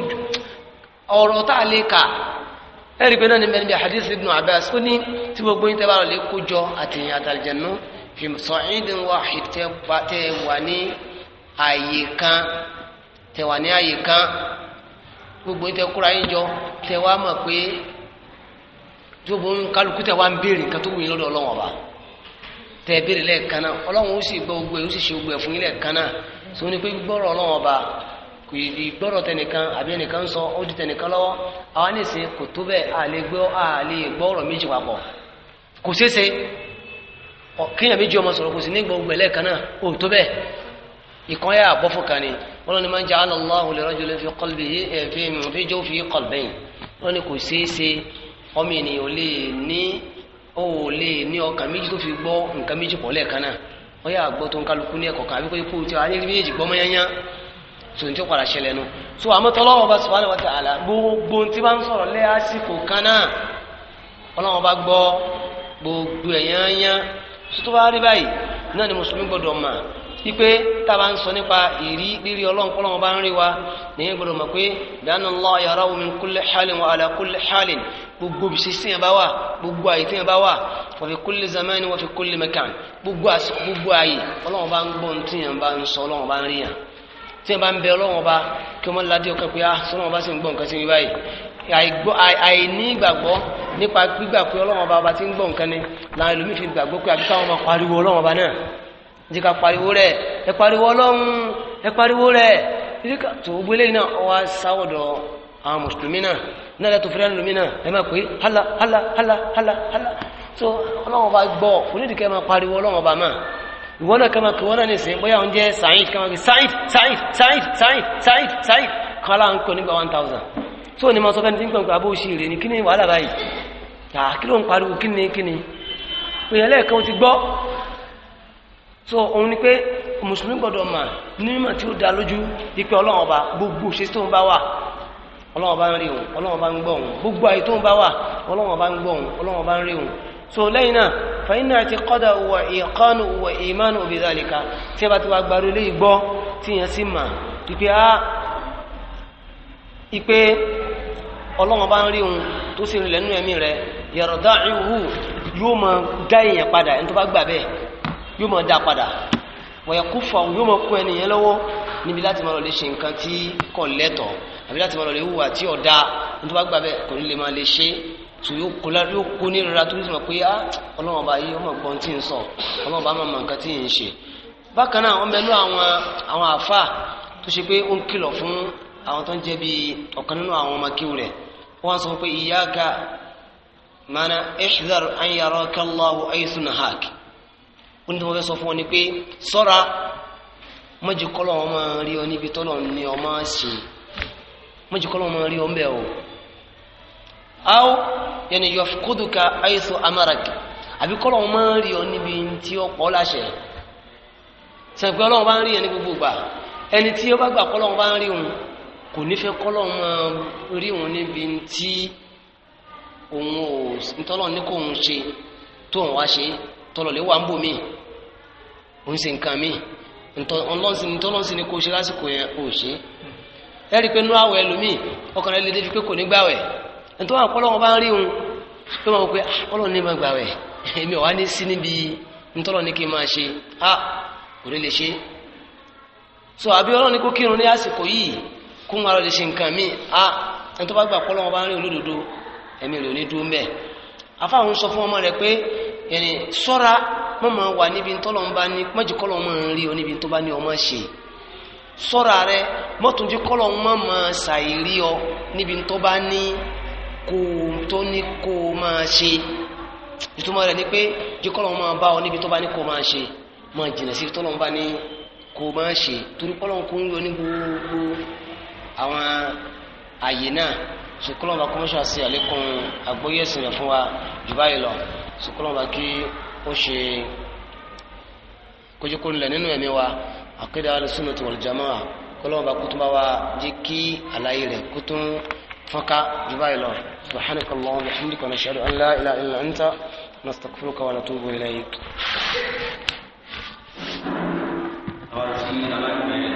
ọ̀rọ̀ tá a lè kà ẹ̀rí pé náà ni mẹ́rin bí hadith ibn Abbas ó ní tí gbogbo yín tẹ́ bá rọ̀ lé kójọ àtìyàn àtàlìjẹ̀nú fi sọ̀yìndín wahid tẹ wà ní àyè kan tẹ wà kan gbogbo tẹ kóra yín jọ tẹ wá mọ̀ pé tóbo ń kálukú tẹ wá ń béèrè nǹkan tó wù yín lọ́dọ̀ ọba tẹ béèrè lẹ́ẹ̀kan náà ọlọ́wọ́n ó sì gbọ́ gbogbo ẹ̀ ó sì ṣe gbogbo ẹ̀ fún yín lẹ́ẹ̀kan náà ọba kò yìí gbọ́rọ̀ tẹnìkan àbí sọ ó di tẹnìkan lọ́wọ́ àwa ní ìsìn kò tó bẹ́ẹ̀ gbọ́ ọ̀kíyàn méjì ọmọ sọ̀rọ̀ kò sí nígbà ogun ẹlẹ́ẹ̀kan náà ó tó bẹ́ẹ̀ ìkan yà bọ́ fún kan ni wọ́n ní máa ń jẹ́ Allahu li rajulin fi qalbihi eh, fi jawfihi qalbayn wọ́n ní kò ṣeé ṣe ọmọ ènìyàn ò lè ní ó lè ní ọkàn méjì tó fi gbọ́ nǹkan méjì pọ̀ lẹ́ẹ̀kan náà wọ́n yà gbọ́ tó ń kálukú ní ẹ̀kọ̀kan àbíkó ikú tí wọ́n á ní méjì gbọ́ mọ́yányán tó ń tí ó padà ṣẹlẹ̀ nu tó àmọ́ tọ́lọ́wọ́ bá subhanahu wa ta'ala gbogbo tí bá ń sọ̀rọ̀ lẹ́ àsìkò kan náà ọlọ́wọ́ bá gbọ́ gbogbo ẹ̀yán yán tó bá rí báyìí náà ni mùsùlùmí gbọ́dọ̀ mà ipe tá a bá ń sọ nípa ìrí rírí ọlọ́run kọ́ lọ́wọ́ bá ń rí wa nìyẹn gbọ́dọ̀ mọ̀ pé dáná lọ yàrá min kulli halin wa ala kulli halin gbogbo bisisi yẹn bá wà gbogbo àyè tí yẹn bá wà wa fi kulli zamani wa fi kulli makan gbogbo àsìkò gbogbo àyè ọlọ́run bá ń gbọ́ tí bá ń sọ ọlọ́run bá ń rí yàn tí bá ń bẹ ọlọ́run bá kí wọ́n ládé ọkọ̀ pé ah sọ́lọ́run bá sì ń gbọ́ nǹkan sí mi báyìí àìní ìgbàgbọ́ nípa gbígbà pé ọlọ́wọ́n bá ọba tí ń gbọ́ nǹkan ni làwọn ẹlòmíì fi gbàgbọ́ pé àbíká wọn máa pariwo ọlọ́wọ́n bá náà ní ká pariwo rẹ̀ ẹ pariwo ọlọ́run ẹ pariwo rẹ̀ ní ká tó gbélé náà ọwá sáwọ̀dọ̀ àwọn mùsùlùmí náà náà lẹ́tọ̀ fúnra lómi náà ẹ máa pè hálà hálà hálà hálà hálà tó ọlọ́wọ́n bá gbọ́ onídìkẹ́ máa pariwo ọlọ́wọ́n bá máa ìwọ náà kama kí wọ́n náà ní sìn bóyá oúnjẹ Said kama kí Said Said Said Said Said Said kọ́lá ń kọ́ nígbà one thousand tó ní ma sọ fẹ́ni tí ń pẹ̀lú àbó òṣèré ní kíní wàhálà báyìí yàá kí ló ń pariwo kíní kíní òyìn ẹlẹ́ẹ̀kan ti gbọ́ so òun ni pé mùsùlùmí gbọ́dọ̀ mà nímọ̀ tí ó dá lójú wípé ọlọ́run ọba gbogbo òṣèṣ tó ń bá wà ọlọ́run ọba ń rí òun ọlọ́run ọba ń gbọ́ òun gbogbo àyè so lẹ́yìn náà fàyínà àti kọ́dà wà ìkọ́nù wà ìmánu òbí dàlíkà tí a ọlọ́wọ́n bá ń rí òun tó sì rìnlẹ̀ nínú ẹ̀mí rẹ̀ yẹ̀rọ̀dá ihu yóò máa dá èèyàn padà ẹni tó bá gbà bẹ́ẹ̀ yóò máa dá padà wọ̀nyẹ kú fún àwọn yóò máa kún ẹnìyẹn lọ́wọ́ níbi láti máa lọ lè ṣe nǹkan tí kò lẹ́tọ̀ọ́ àbí láti máa lọ lè hùwà tí ọ̀dà ẹni tó bá gbà bẹ́ẹ̀ kò ní lè máa lè ṣe tù yóò kó ní ìrora tó ní sọ pé ah, ọlọ́wọ́n bá yí ọmọ gbọ́n tí ń sọ wọ́n sọ pé iyyaka mana ihdhar an yaraka Allahu aythu nahak wọ́n ti wọ́n fẹ́ sọ fún ọ ni pé sọ́ra mọ́jìkọ́lọ́ ọmọ rí ọ níbi tọ́lọ̀ ní ọmọ ṣe mọ́jìkọ́lọ́ ọmọ rí ọ ń bẹ̀ o aw yẹni yọfukuduka aythu amarak àbí kọ́lọ̀ ọmọ rí ọ níbi tí ó pọ̀ láṣẹ sẹ́ńpẹ́ ọlọ́run bá ń rí ẹni gbogbo gbà ẹni tí ó bá gbà kọ́lọ́run bá ń rí òun kò nífẹ́ kọ́lọ̀ máa rí òun níbi tí òun ò tọ́lọ̀ ní kò ń ṣe tó òun wá ṣe tọ́lọ̀ lè wà ń bò mí òun ṣe nǹkan mí ntọ́lọ́sìn ni kò ṣe lásìkò yẹn ò ṣe ẹ rí i pé nú àwẹ̀ ẹlòmíì ọkàn rẹ̀ lè débi pé kò ní gbàwẹ̀ ntọ́ àkọ́lọ́ wọn bá ń rí òun pé wọn ah, pé ọlọ́run ní máa gbàwẹ̀ èmi ò ní sí níbi ntọ́lọ̀ ní kí n máa ṣe a ah, kò lè lè ṣe so àbí ọlọ́run ní kó kírun ní àsìkò yìí kó wọn lè ṣe nǹkan míì a ẹni tó bá gbà pọ́lọ́wọ́ bá ń rí olódodo ẹ̀mí rẹ̀ ò ní dúró mẹ́ẹ̀ afáwọn sọ fún ọmọ rẹ̀ pé ẹni sọ́ra mọ́ máa wà níbi tọ́lọ́ ń bá ní mọ́jú kọ́lọ́ máa ń rí ọ níbi tó bá ní ọmọ ṣe sọ́ra rẹ mọ́túnjú kọ́lọ́ mọ́ máa ṣàìrí ọ níbi tó bá ní kó tó ní kó máa ṣe ìtumọ̀ rẹ̀ ni pé jí kọ́lọ́ máa bá ọ níbi tó bá ní kó máa ṣe máa jìnà sí tọ́lọ́ ń bá ní kó máa ṣe torí kọ́lọ́ kó ń yọ ní gbogbo àwọn àyè náà sùkúlọ̀ bá kọ́mọ́ṣọ́ àti àlékún àgbóyèsí rẹ̀ fún wa jù báyìí lọ sùkúlọ̀ bá kí ó ṣe kójókó ńlẹ̀ nínú ẹ̀mí wa àkídà alùsùnnà wal jamaa kọ́lọ́ bá kó tún bá wa jẹ́ kí àlàyé rẹ̀ kó tún jù báyìí lọ subhanaka Allahumma wa bihamdika nashhadu an la ilaha illa anta nastaghfiruka wa natubu ilayk. àwọn tí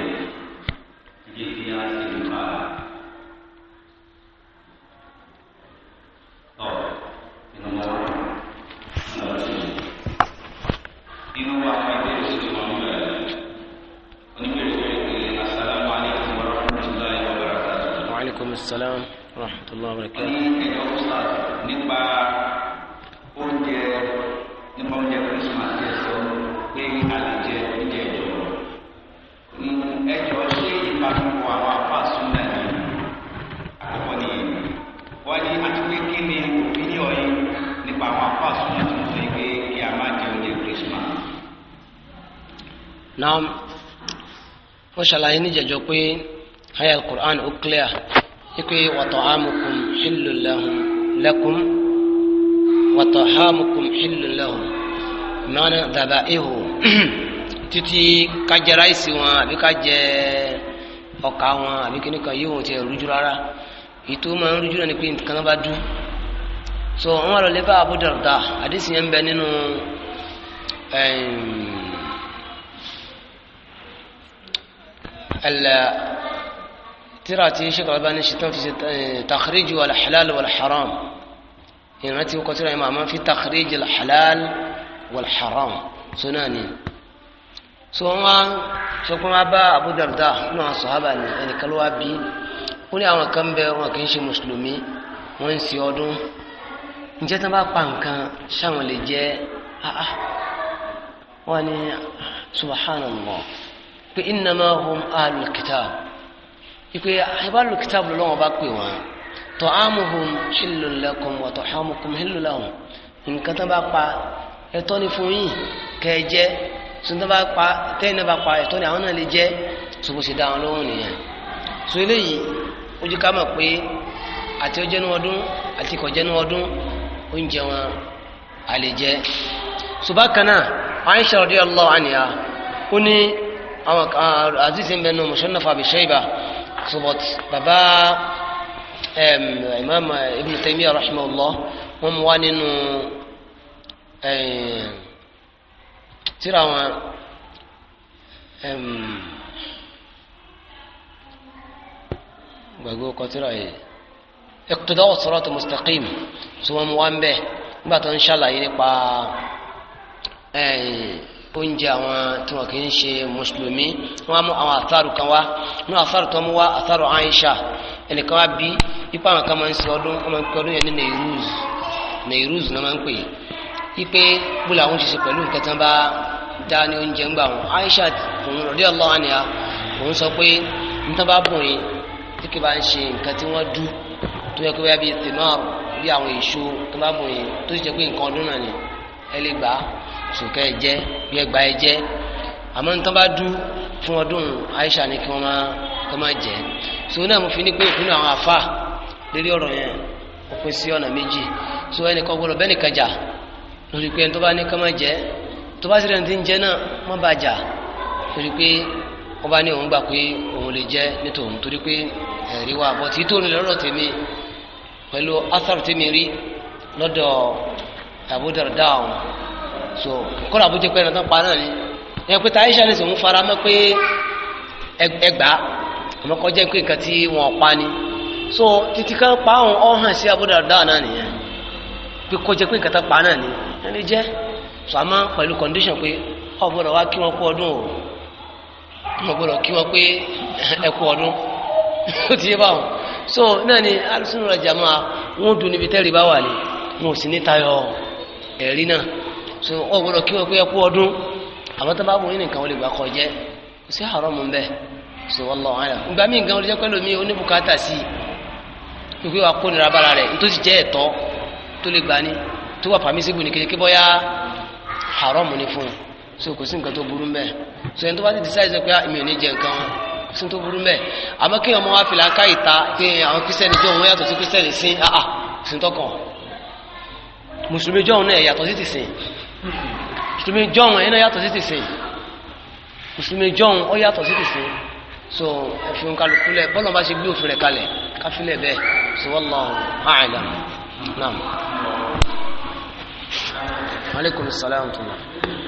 السلام ورحمة الله وبركاته. Thank eh, you. náà wọ́n ṣàlàyé níjẹ̀jọ́ pé aya alukur'an ó clear wípé wa ta'amukum hillul lakum wa ta'amukum hillul lahum mọ́nà dàbà ihò títí kájẹ ráìsì wọn àbí kájẹ ọkà wọn àbí kíní kan yóò ti rújú rárá ìtò máa ń rújú náà ni pé nǹkan bá dú so wọn lọ lé bá Abu Darda àdìsí yẹn ń bẹ nínú. Um, tíra tí sheikh Albani ṣe tán fi ṣe takhrij wal halal wal haram ìrántí kọ́ tíra yìí máa fi takhrij al halal wal haram so náà ni so wọn sọkún wa bá Abu Darda ní àwọn sọ̀hábà ní ẹnìkan ló wá bí ó ní àwọn kan bẹ wọn kì í ṣe mùsùlùmí wọn ń ṣe ọdún ǹjẹ́ tí wọ́n bá pa nǹkan ṣáwọn lè jẹ́ ah ah wọ́n ní subhanallah pé innama hum ahlul kitab ipe ahlul kitab ló lọ́wọ́ bá pè wọ́n ta'amuhum hillun lakum wa ta'amukum hillun lahum nǹkan tó bá pa ẹ̀tọ́ ni fún yín kẹ́ ẹ tó bá pa tẹ́yìn bá pa ẹ̀tọ́ ni àwọn náà lè jẹ sọ́kò sì dá wọn lóhùn nìyẹn sọ eléyìí ó ká mọ̀ pé àti ọjọ́ ọdún àti kọjọ́ ọdún oúnjẹ wọn àlè jẹ ṣùgbọ́n kan náà Aisha radiyallahu anha ó ní àwọn azizi ń bẹnu musannaf abi shayba sobot baba um, imam uh, ibn taymiyyah rahimahullah wọn mú wá nínú um, tíra wọn um, gbàgbé ọkọ tíra yìí iqtida'u sirata mustaqim tí wọn mú wá ń bẹ nígbà tó ń ṣàlàyé nípa oúnjẹ àwọn tí wọn kì í ṣe mùsùlùmí wọn mú àwọn àtàrù kan wá ní àtàrù kan mú wá àtàrù Aisha ẹnìkan wá bí ipa àwọn kan máa ń ṣe ọdún wọn máa ọdún yẹn ní Nairuz Nairuz náà máa ń pè ipe búlọ̀ àwọn ṣiṣẹ́ pẹ̀lú nǹkan tí wọ́n bá dá ní oúnjẹ ń gbà wọn Aisha òun radiyallahu anha òun sọ pé nítorí bá bùn yín tí kì bá ń ṣe nǹkan tí wọ́n dú tó yẹ kó bá bíi tèmọ́ọ̀rù bí àwọn sòkè ẹjẹ bí ẹgbà ẹjẹ àmọ́ nítorí bá dú fún ọdún Aisha ni kí wọ́n máa kí wọ́n máa jẹ so náà mo fi ní pé ìpinnu àwọn afa lórí ọ̀rọ̀ yẹn ó pín sí ọ̀nà méjì so ẹnìkan gbọ́dọ̀ bẹ́ẹ̀ nìkan jà lórí pé ẹni tó bá ní kí wọ́n máa jẹ tó bá sì rẹ̀ ní ti ń jẹ náà má bàa jà lórí pé wọ́n bá ní òun gbà pé òun lè jẹ́ nítorí torí pé ẹ̀rí wa bọ̀ tí tó ní lọ́rọ̀ tèmi pẹ̀lú asar tèmi rí lọ́dọ̀ Abu Darda so kọ́ra àbújá pé ẹnìkan pa náà ni ẹ pé táyíṣà ní sòun fara mọ́ pé ẹgbàá àmọ́ kọjá pé nǹkan tí wọ́n pa ni so títí kan pa òun ọ̀ hàn sí Abu Darda náà nìyẹn pé kọjá pé nǹkan tó pa náà ni ẹ lè jẹ́ so àmọ́ pẹ̀lú condition pé ọ gbọ́dọ̀ wá kí wọ́n kú ọdún o wọ́n gbọ́dọ̀ kí wọ́n pé ẹ kú ọdún ó ti yé báwọn so náà ni alùsùn rẹ̀ jàmọ́ wọn dùn níbi tẹ́rì bá wà ní wọn ò sì ní tayọ ẹ̀rí náà so wọn gbọ́dọ̀ kí wọn pé ẹkú ọdún àwọn tó bá wù yín nìkan wọn lè gbà kọ kò sí àárọ̀ mu bẹ́ẹ̀ so wallahu alam ìgbà míì gan olùjẹ́ pẹ́lú mi oníbùkátà sí i wípé wàá kó nira bára rẹ̀ nítorí jẹ́ ẹ̀tọ́ tó lè gbà ní tó wà pàmísìgbò ní kékeré bọ́yá àárọ̀ mu ni fún so kò sí nǹkan tó burú mbẹ so ẹni tó bá ti decide sọ pé ah, mi ò ní jẹ nǹkan kò sí nǹkan tó burú mbẹ àmọ́ kí ọmọ wa fìlà ká ìta pé àwọn kristiani jọ òun yàtọ̀ sí kristiani sí ah ah sí tọkàn mùsùlùmí jọ òun náà yàtọ̀ sí ti sìn mùsùlùmí jọ̀hún ẹ̀ náà yàtọ̀ se. tìsín mùsùlùmí jọ̀hún ó se. so òfin kálukú lẹ bọ́lá bá ṣe gbé òfin rẹ̀ kalẹ̀ káfílẹ̀ bẹ́ẹ̀ so wallahu a'lam naam. aleykum salaam wa rahmatulah.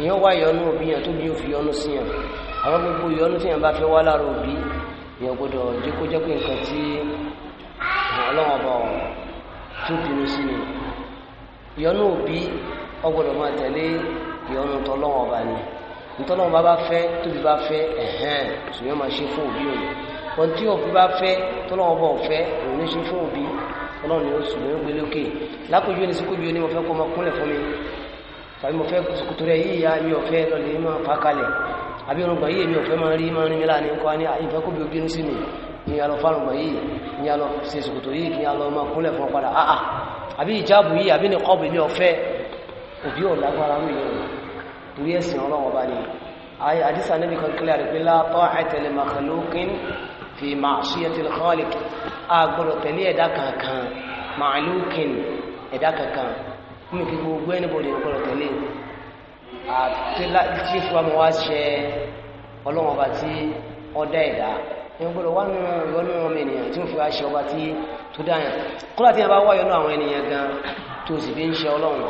èyàn wá ìyọnú òbí yàn tóbi yóò fi yọnú sí yàn àwọn gbogbo ìyọnú tí yàn bá fẹ́ wá lára òbí èyàn gbọdọ̀ jẹ́ kó jẹ́ pé nǹkan tí ọlọ́wọ́n bọ̀ tó bínú sí ni ìyọnú òbí ọgbọdọ̀ máa tẹ̀lé ìyọnú tọ́lọ́wọ́n bá ni ntọ́lọ́wọ́n bá bá fẹ́ tóbi bá fẹ́ ẹ̀hẹ́n sùnyọ́n máa ṣe fún òbí òun wọn tí òbí bá fẹ́ tọ́lọ́wọ́n bọ̀ fẹ́ òun ní ṣe fún òbí ọlọ́run ni ó sùn ní ó gbé lókè lápòjú ẹni sí kójú ẹni mo fẹ́ kó ọmọ kúnlẹ̀ fún mi tàbí mo fẹ́ kùtùrẹ́ yìí ya mi ò fẹ́ lọlẹ̀ máa fà kalẹ̀ àbí orúgbà yìí mi ò fẹ́ máa rí máa rí mi láàrin kọ́ ní ìfẹ́ kó bí obìnrin sí mi ní alọ fárùngbà yìí ní alọ ṣe sòkòtò yìí kí alọ máa kúnlẹ̀ fún padà áà àbí ìjáàbù yìí àbí ní kọ́ọ̀bù mi ò kí gbogbo ẹnibọdì nǹkan tẹ̀lé àti tí fún wa mo wá ṣe ọlọ́wọ́n ọba tí ọdá ẹ̀dá ẹ̀yìn gbọ́dọ̀ wá nínú ìyọnú ọmọ ènìyàn tí ó fi wá ṣe ọba tí tó dáyàn kọ́lá tí a bá wá yọnú àwọn ènìyàn gan tó sì fi ń ṣe ọlọ́run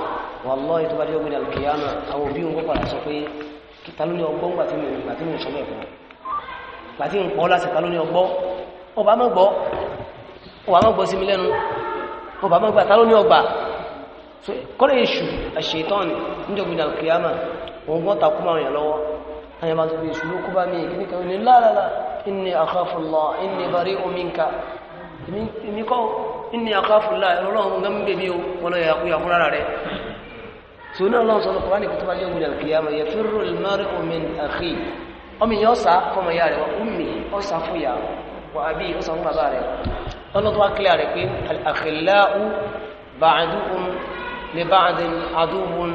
wallahi tó bá dé ọgbìn alkiyama àwọn òbí òun kọ́kọ́ sọ pé ta ló ní ọgbọ́n gbà tí mi gbà tí mi sọ bẹ́ẹ̀ fún gbà tí n pọ́ láti ta ló ní ọgbọ́n ọba mọ́ so kọ́lẹ̀ èṣù àṣetán níjọba ìdàlù kìyàmà ogun ta kúmọ̀ rìn lọ́wọ́ àyà bá ti fi èṣù ló kú bá mi ìkíní kan ní láàrá inni akhafullah inni bari'u minka èmi kọ́ inni akhafullah ìrọ̀lọ́run gan bèbí o bàbá rẹ̀ لبعض عدو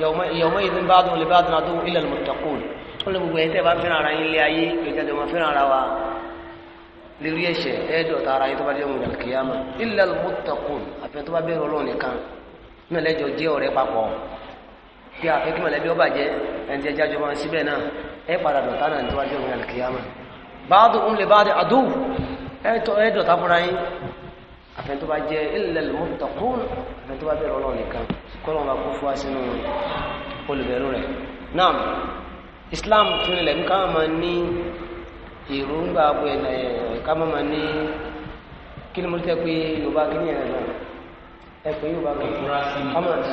يوم يومئذ بعض لبعض عدو إلا المتقون كل مبين تبع فينا رأي لي أي كذا ما فينا روا لريشة أدو ترى يتبع يوم القيامة إلا المتقون أبين تبع بيرولون كان من لا جوجي أو ربعكم kí a fẹ́ kí mọ̀lẹ́bí ọba jẹ́ ẹni tí ẹja jọba síbẹ̀ náà ẹ padà dọ̀tá náà níwájú ọmọ ìyàlùkìyàmọ̀ báàdù ń lè báàdù àdúù ẹ̀ẹ́dọ̀tá fúnra àfẹn tó bá jẹ illal muttaqun àfẹn tó bá bẹ̀rẹ̀ ọlọ́run nìkan kọ́lọ́ wọn bá kó fún wa sínú olùbẹ̀rù islam tún ilẹ̀ ká máa ní èròǹgbà abúlé ká máa ní kí ni mo tẹ́ pé yorùbá kí ni ẹ̀rọ ẹ pé yorùbá kí ni ká máa ní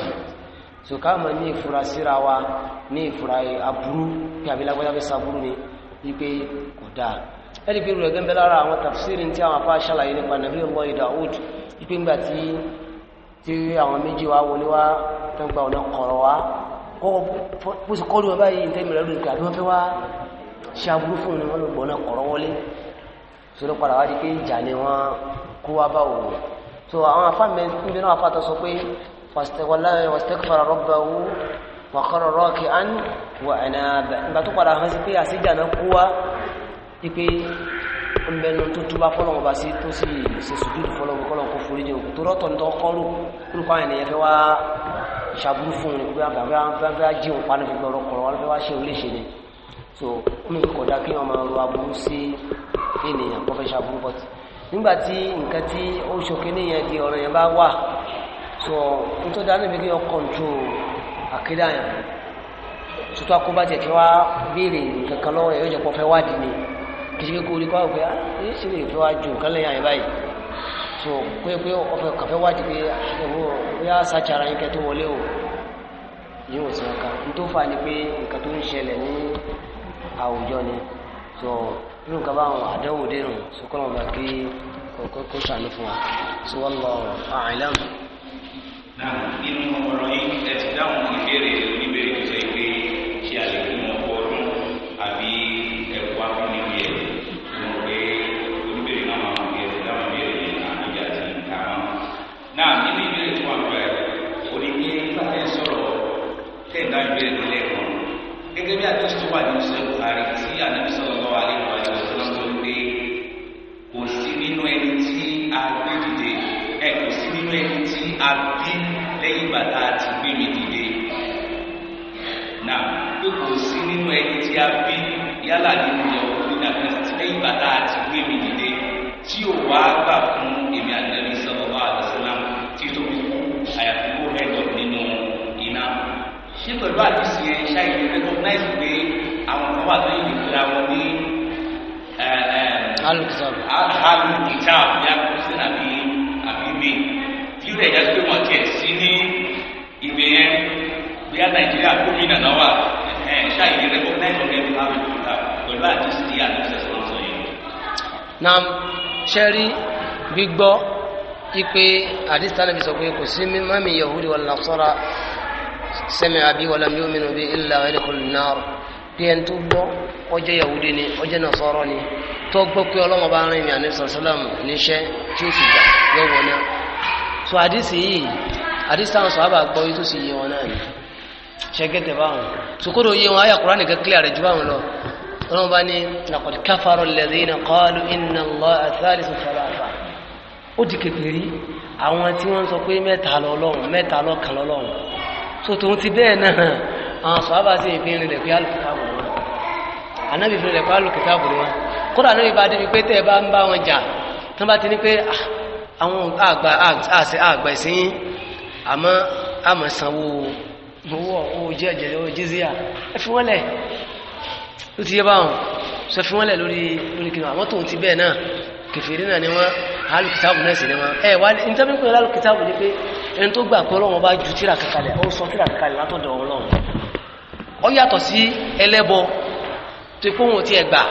so ká wa ní ìfura aburú bí abilágbádá bí saburú ni wípé kò dáa ẹ̀rí pé rẹ̀ gẹ́gẹ́ lára àwọn tafsirin tí àwọn afá ṣàlàyé nípa nàbí ọmọ ìdáwùd ìpín gbà tí tí àwọn méjì wá wọlé wá tó ń gba ọ̀nà kọ̀rọ̀ wá kó sì kọ́lù ọba yìí tẹ́mi rẹ̀ lónìí àbí wọ́n fẹ́ wá ṣe aburú fún un wọ́n lọ gbọ́nà kọ̀rọ̀ wọlé sọ́dọ̀ padà wá di pé ìjà ni wọ́n kó wá bá òun so ipe ọmọbẹnu tó túbá fọ́lọ̀wọ̀ bá sí tó sì ṣe sùdúdù fọ́lọ̀wọ̀ kọ́lọ̀ kó forí jẹun tó rọ́tọ̀ ní tọ́kọ́rù orúkọ àwọn ènìyàn fẹ́ wá ṣàbúrú fún un nígbà bàbá bàbá jíun panu gbogbo ọ̀rọ̀ kọ̀rọ̀ wọn fẹ́ wá ṣe oríṣi ni so omi kọ̀dá kí wọn máa ro aburú sí ènìyàn kó fẹ́ ṣàbúrú bọ́t nígbà tí nǹkan tí ó ṣokè níyẹn di ọ̀rọ̀ yẹn bá wà so nítorí dáná mi kí wọn kọ̀ǹtró àkédà yẹn tuntun akóbá tiẹ̀ kí wọ́n á béèrè nǹkan kan lọ́wọ́ yẹn yóò jẹ́ pọ́ fẹ́ wádìí ni kìsìkè kó rí kó àwọn pé á ah, ẹ ṣe lè fẹ́ wá ju nǹkan lẹ́yìn àyè báyìí so pé pé ọfẹ kàfẹ́ wádìí pé ah, ẹ̀wọ̀ bóyá sàchara yín kẹ́ tó wọlé o yìí ò sí ọ̀ka n tó fà ni pé nǹkan tó ń ṣẹlẹ̀ ní àwùjọ ni so nínú nǹkan báwọn àdẹ́wò dé nù so kọ́ lọ́mọ kí kó ṣàánú fún wa so wọ́n lọ àìlẹ́mù. nínú ọ̀rọ̀ yìí ẹ dáhùn ìbéèrè oníbèrè tó gẹ́gẹ́ bí àti ìṣòwò àti ìṣòwò Buhari tí ànábì sallallahu alaihi wasallam tó ń gbé kò sí nínú ẹni tí a gbé dìde ẹ kò sí nínú ẹni tí a bí lẹ́yìn bàtà àti gbé mi dìde nà pé kò sí nínú ẹni tí a bí yálà nínú ìyàwó nígbà kan lẹ́yìn bàtà àti gbé mi dìde tí ò wá gbà fún èmi àná ṣé pẹ̀lú àdìsí yẹn ṣáà yìí recognize pé àwọn kan wà lóyún ìlera wọn ní alùkìtàb ya kùsùn àbí àbíbí tí ó rẹ̀ yá pé wọ́n tiẹ̀ sí ní ibẹ̀ yẹn bí a nàìjíríà gómìnà náà wà ṣáà yìí recognize ọ̀gá ẹ̀mí alùkìtàb pẹ̀lú àdìsí yẹn àdìsí ẹ̀sán sọ yìí. na ṣẹ́rí gbígbọ́ ipe àdìsí tánàbí sọ pé kò sí mímọ́ mi yahudi wal nasara sami'a bi wa lam yu'minu bi illa yadkhulun nar bí ẹni tó gbọ́ ọjọ́ yahudi ni ọjọ́ nasara ni tó gbọ́ pé ọlọ́wọ́n bá rìn ìrìn àníṣàn sálàmù níṣẹ́ tí ó sì gbà lọ́wọ́ náà tó àdìsí yìí àdìsí àwọn sọ̀hábà gbọ́ yìí tó sì yé wọn náà ni ṣẹ́gẹ́tẹ̀ báwọn sòkòrò yé wọn ayà kúránì kílíà rẹ̀ ju báwọn lọ ọlọ́wọ́n bá ní laqad kafara alladhina qalu inna Allaha thalithu thalatha ó di kékeré àwọn tí wọ́n sọ pé mẹ́ta lọ́lọ́run mẹ́ta lọ́kan lọ́lọ́run so tòun ti bẹ́ẹ̀ náà àwọn sọ̀hábà sì fi rinlẹ̀ pé alùkìtàbù wọn anábì fi rinlẹ̀ pé alùkìtàbù wọn kódà anábì bá débi pé tẹ́ ẹ bá ń bá wọn jà tán bá ti ní pé ah, àwọn àgbà àgbà ìsìn àmọ́ àmọ́ sanwó gbowó owó jẹ́jẹ́ owó jizíà ẹ fi wọ́n lẹ̀ ló ti yé báwọn sọ fi wọ́n lẹ̀ lórí lórí kìnnìún àmọ́ tòun ti bẹ́ẹ̀ náà kèfèrí náà ni wọ́n alùkítàbù náà sì ni wọ́n ẹ̀ wá ní tẹ́bí pẹ̀lú alùkítàbù ní pé ẹni tó gbà pé ọlọ́run bá ju tíra kankalẹ̀ ó sọ tíra kankalẹ̀ látọ̀dọ̀ ọlọ́run ó yàtọ̀ sí ẹlẹ́bọ tó kó wọn ti ẹ̀ gbà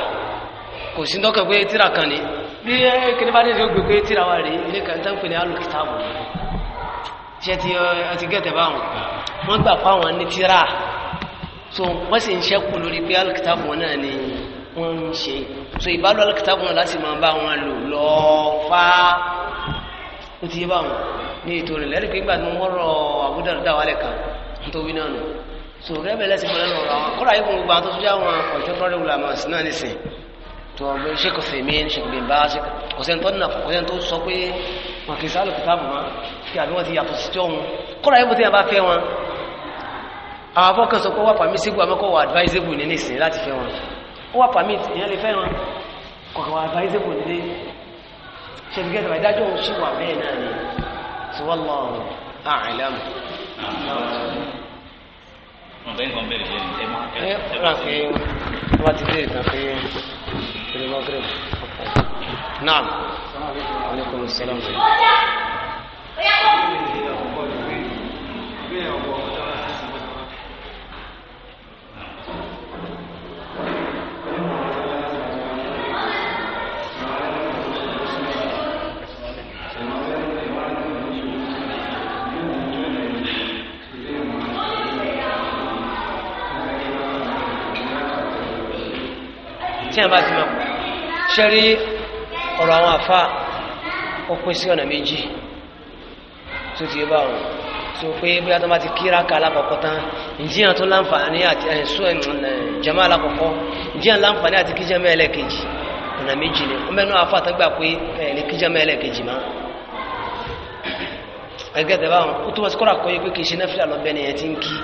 kò sí dọ́kẹ̀ pé tíra kan ni bí kíní bá dé tó gbé pé tíra wa rèé ilé kan tán pè ní ti ẹ ti gẹ̀tẹ̀ wọ́n gbà pàwọn ní tíra so wọ́n sì ń ṣẹ́kù lórí pé alùkítàbù náà ni wọ́n ń ṣe so ìbálò alikitabu náà láti máa bá wọn lò lọ fá ó ti yé bá wọn ní ètò rẹ̀ lẹ́rìí pé ìgbà tí wọ́n rọ àbúdá dá wálẹ̀ kan nítorí náà nù so rẹ́bẹ̀ lẹ́sìn mọ́ lẹ́nu ọ̀rọ̀ àwọn kọ́ra yìí kò gba tó tún yá wọn ọ̀jọ́ tọ́rẹ́ wùlà máa sí náà nìsín tó ọgbẹ́ ṣèkò fèmí ṣèkò bèbá kọ̀sẹ́ntọ́ nà kọ̀sẹ́ntọ́ sọ pé wọn kì í sálò kìtàbù wọn kí àbí wọn ti yàtọ̀ sí tọ́ wọn kọ́ra yìí bó ti yàn bá fẹ́ wọn àwọn afọ́kànṣọ́ pé wà pàmí sígbó àmọ́kọ́ wà advisable ní nìsín láti fẹ́ wọn ó wà pàmìt èèyàn lè fẹ́ràn kọ̀ọ̀kan wà báyìí sẹ́kù nílé ṣèbíkẹ́ tàbí ìdájọ́ òun ṣì wà bẹ́ẹ̀ náà ni tí wọ́n lọ àìlẹ́mù. ọ̀gá ìkan tí a bá ti mọ̀ ṣe rí ọ̀rọ̀ àwọn àfa ó pín sí ọ̀nà méjì tó ti bá wọn tó pé bóyá tó bá ti kíra ka alákọ̀ọ́kọ́ tán ìjìyàn tó láǹfààní àti ẹ̀sùn jama alákọ̀ọ́kọ́ ìjìyàn láǹfààní àti kíjàmá ẹlẹ́ẹ̀kejì ọ̀nà méjì ni wọ́n mẹ́nu àfa àtàgbà pé ẹ̀ẹ́lẹ́ kíjàmá ẹlẹ́ẹ̀kejì máa ẹgbẹ́ tẹ̀ báwọn ó túbọ̀ sí kọ́ra kọ́ yẹ pé kì í ṣe náfìlà lọ́bẹ̀ ni ẹ̀ ti ń kí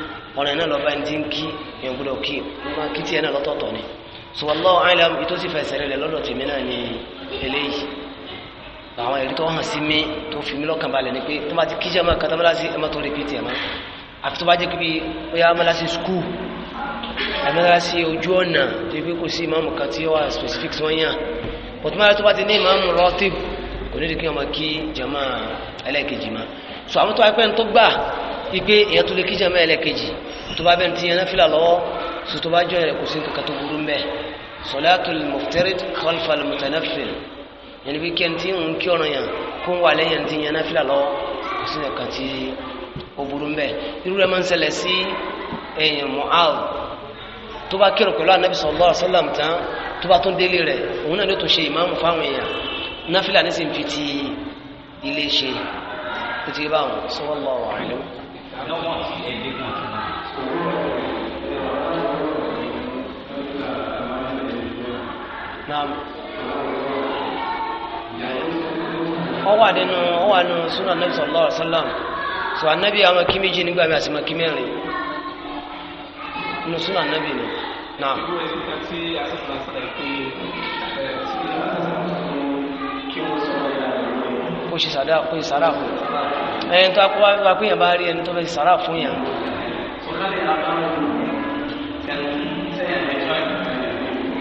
ọ̀nà náà lọ́bẹ̀ ti ń kí èèyàn gbọ́dọ̀ kí ọmọ kí tiẹ̀ náà lọ́tọ̀ọ̀tọ̀ ni so wallahu alam ètò sì fẹsẹ̀ rẹ̀ lọ́dọ̀ tèmi náà ni eléyìí àwọn ẹ̀rí tó hàn sí mi tó fi mí lọ́kàn balẹ̀ ni pé tó bá ti kíjà máa kàtà mọ́lá sí ẹ má tó rìpítì ẹ̀ má àfi tó bá jẹ́ kíbi ó yá mọ́lá sí skul ẹ sí ojú ọ̀nà specific tí wọ́n yàn bọ̀tú mọ́lá tó bá ti ní ìmáàmù rọ́tìb kò ní di kí ọmọ kí jama ẹlẹ́ẹ̀kejì má so àwọn tó wáyé pẹ́ni tó gbà ipe sọtọ́ bá jọyìn rẹ̀ kò sí kankan tó burú mẹ́ sọlátul muftarid khalfal mutanafil yẹni bí kẹ́ntì ń kí ọ̀ràn yàn kó ń wà lẹ́yìn tí yẹn náfìlà lọ kò sí kankan tí ó burú mẹ́ irú rẹ̀ máa ń ṣẹlẹ̀ sí ẹ̀yìn mu'al anabi sallallahu alaihi wasallam tán tó bá tún délé rẹ̀ òun náà ló tún ṣe ìmáàmù fáwọn èèyàn náfìlà ní sì ń fi ti ilé ṣe ó ti naam ó wà nínú wà nínú súnà sallallahu alaihi wasallam àwọn nígbà mi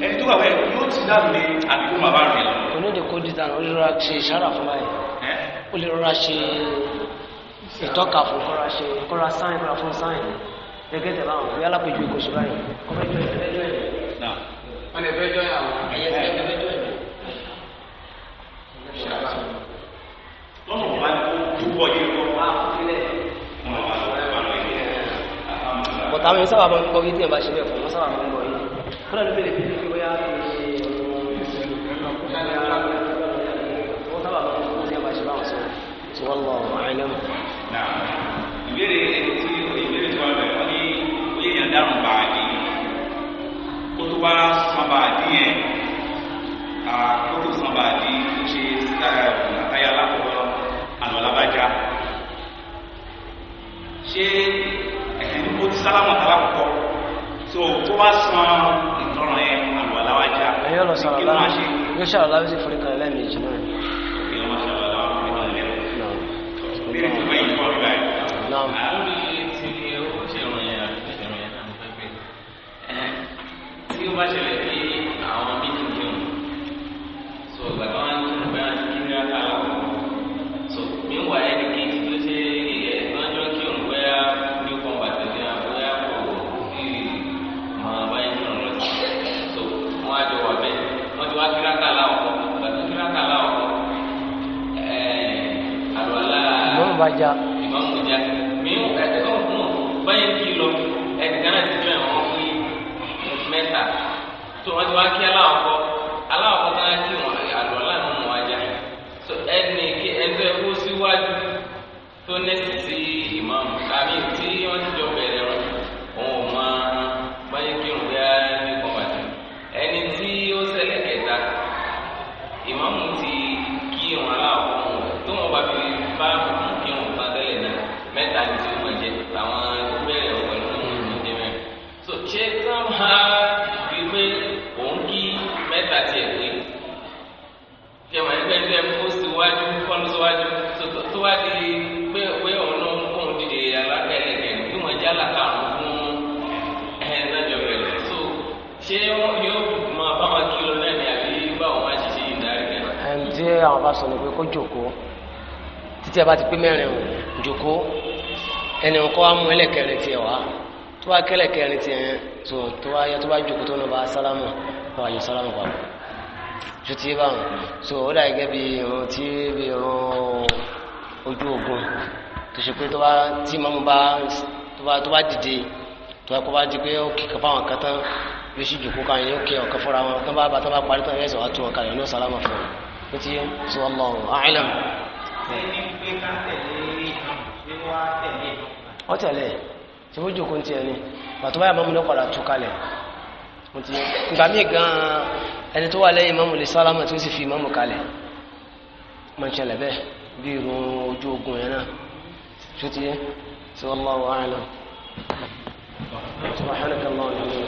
ẹni tó wà wẹ̀ yóò ti dáhùn ní àbíkú máa bá rìn lọ. onídìí kò di tàn ó lè rọra ṣe ìṣàrà fún báyìí ó lè rọra ṣe ìtọ́ka fún kọ́ra ṣe kọ́ra sáyìn kọ́ra fún sáyìn gẹ́gẹ́ tẹ̀ báwọn bí alápèjú ìkóso báyìí ọmọ ìjọ ìfẹ́jọ́ ẹ̀ wọ́n lè fẹ́jọ́ àwọn ẹ̀yẹ ìfẹ́jọ́ ẹ̀ lọ́nà wà ní túbọ̀ yìí lọ wá sílẹ̀ bọ̀tà àwọn ìsábà máa ń kọ́ kí tí ẹ̀ bá ṣe bẹ́ẹ̀ fún wọn sábà máa ń kọ́ yìí kọ́lá ló bẹ̀rẹ̀ والله اعلم نعم ìbéèrè ẹni tí ìbéèrè tí wọn bẹ wọn ní oyè yẹn dárùn báàdì kó tó wá san báàdì yẹn kó tó san báàdì ṣe àtàyà alákọ̀ọ́ àlọ́lábájá ṣé ẹ̀ẹ́dínwó sálámù alákọ̀ọ́ tó tó wá san làwọn lágbájá. ìmọ̀mù ìjà mi ń ẹ̀jẹ̀ tó ń kún báyìí kí lọ ẹ̀jẹ̀ kan náà ti jọ ẹ̀wọ̀n fún mẹ́ta tó wọ́n ti wá kí aláwọ̀kọ́ aláwọ̀kọ́ náà kí wọn àlọ́ láàmú wọn ajá ẹni ẹni tó yẹ kó síwájú tó nẹ́sì sí ìmọ̀mù àmì tí wọ́n ti jọ àwọn bá sọ ní pé kó jòkó títí a bá ti pé mẹ́rin o jòkó ẹni kọ́ wa mú ẹlẹ́kẹrin tiẹ̀ wá tó wá kẹlẹ́kẹrin tiẹ̀ tó tó wá yẹ tó bá jòkó tó náà bá sálámù náà wáyé sálámù pa ju ti bá wọn so ó dà gẹ́gẹ́ bí irun tí bí irun ojú ogun tó ṣe pé tó bá tí mọ́mú bá tó bá tó bá dìde tó bá kó bá di pé ó kíkọ́ fáwọn kan tán lóṣù jòkó kan yóò kí ọ̀kan fúnra wọn tán bá bá tán bá parí tán yẹ́sọ̀ wá tó wọn kalẹ̀ ní ọ̀sán lámà fún wọn ó ti sọ ọlọ́run àìlẹ̀ mọ́. ọ tẹ̀lé ṣe bójú kó ń tiẹ̀ ni pàtó báyà mọ́mú ló padà tú kalẹ̀ ó ti gbà mí gan-an ẹni tó wà lẹ́yìn mọ́mú lè sálámà tó sì fi mọ́mú kalẹ̀ máa ṣẹlẹ̀ bẹ́ẹ̀ bí irun ojú ogun yẹn náà ṣó ti yẹ sọ ọlọ́run àìlẹ̀ mọ́. سبحانك اللهم وبحمدك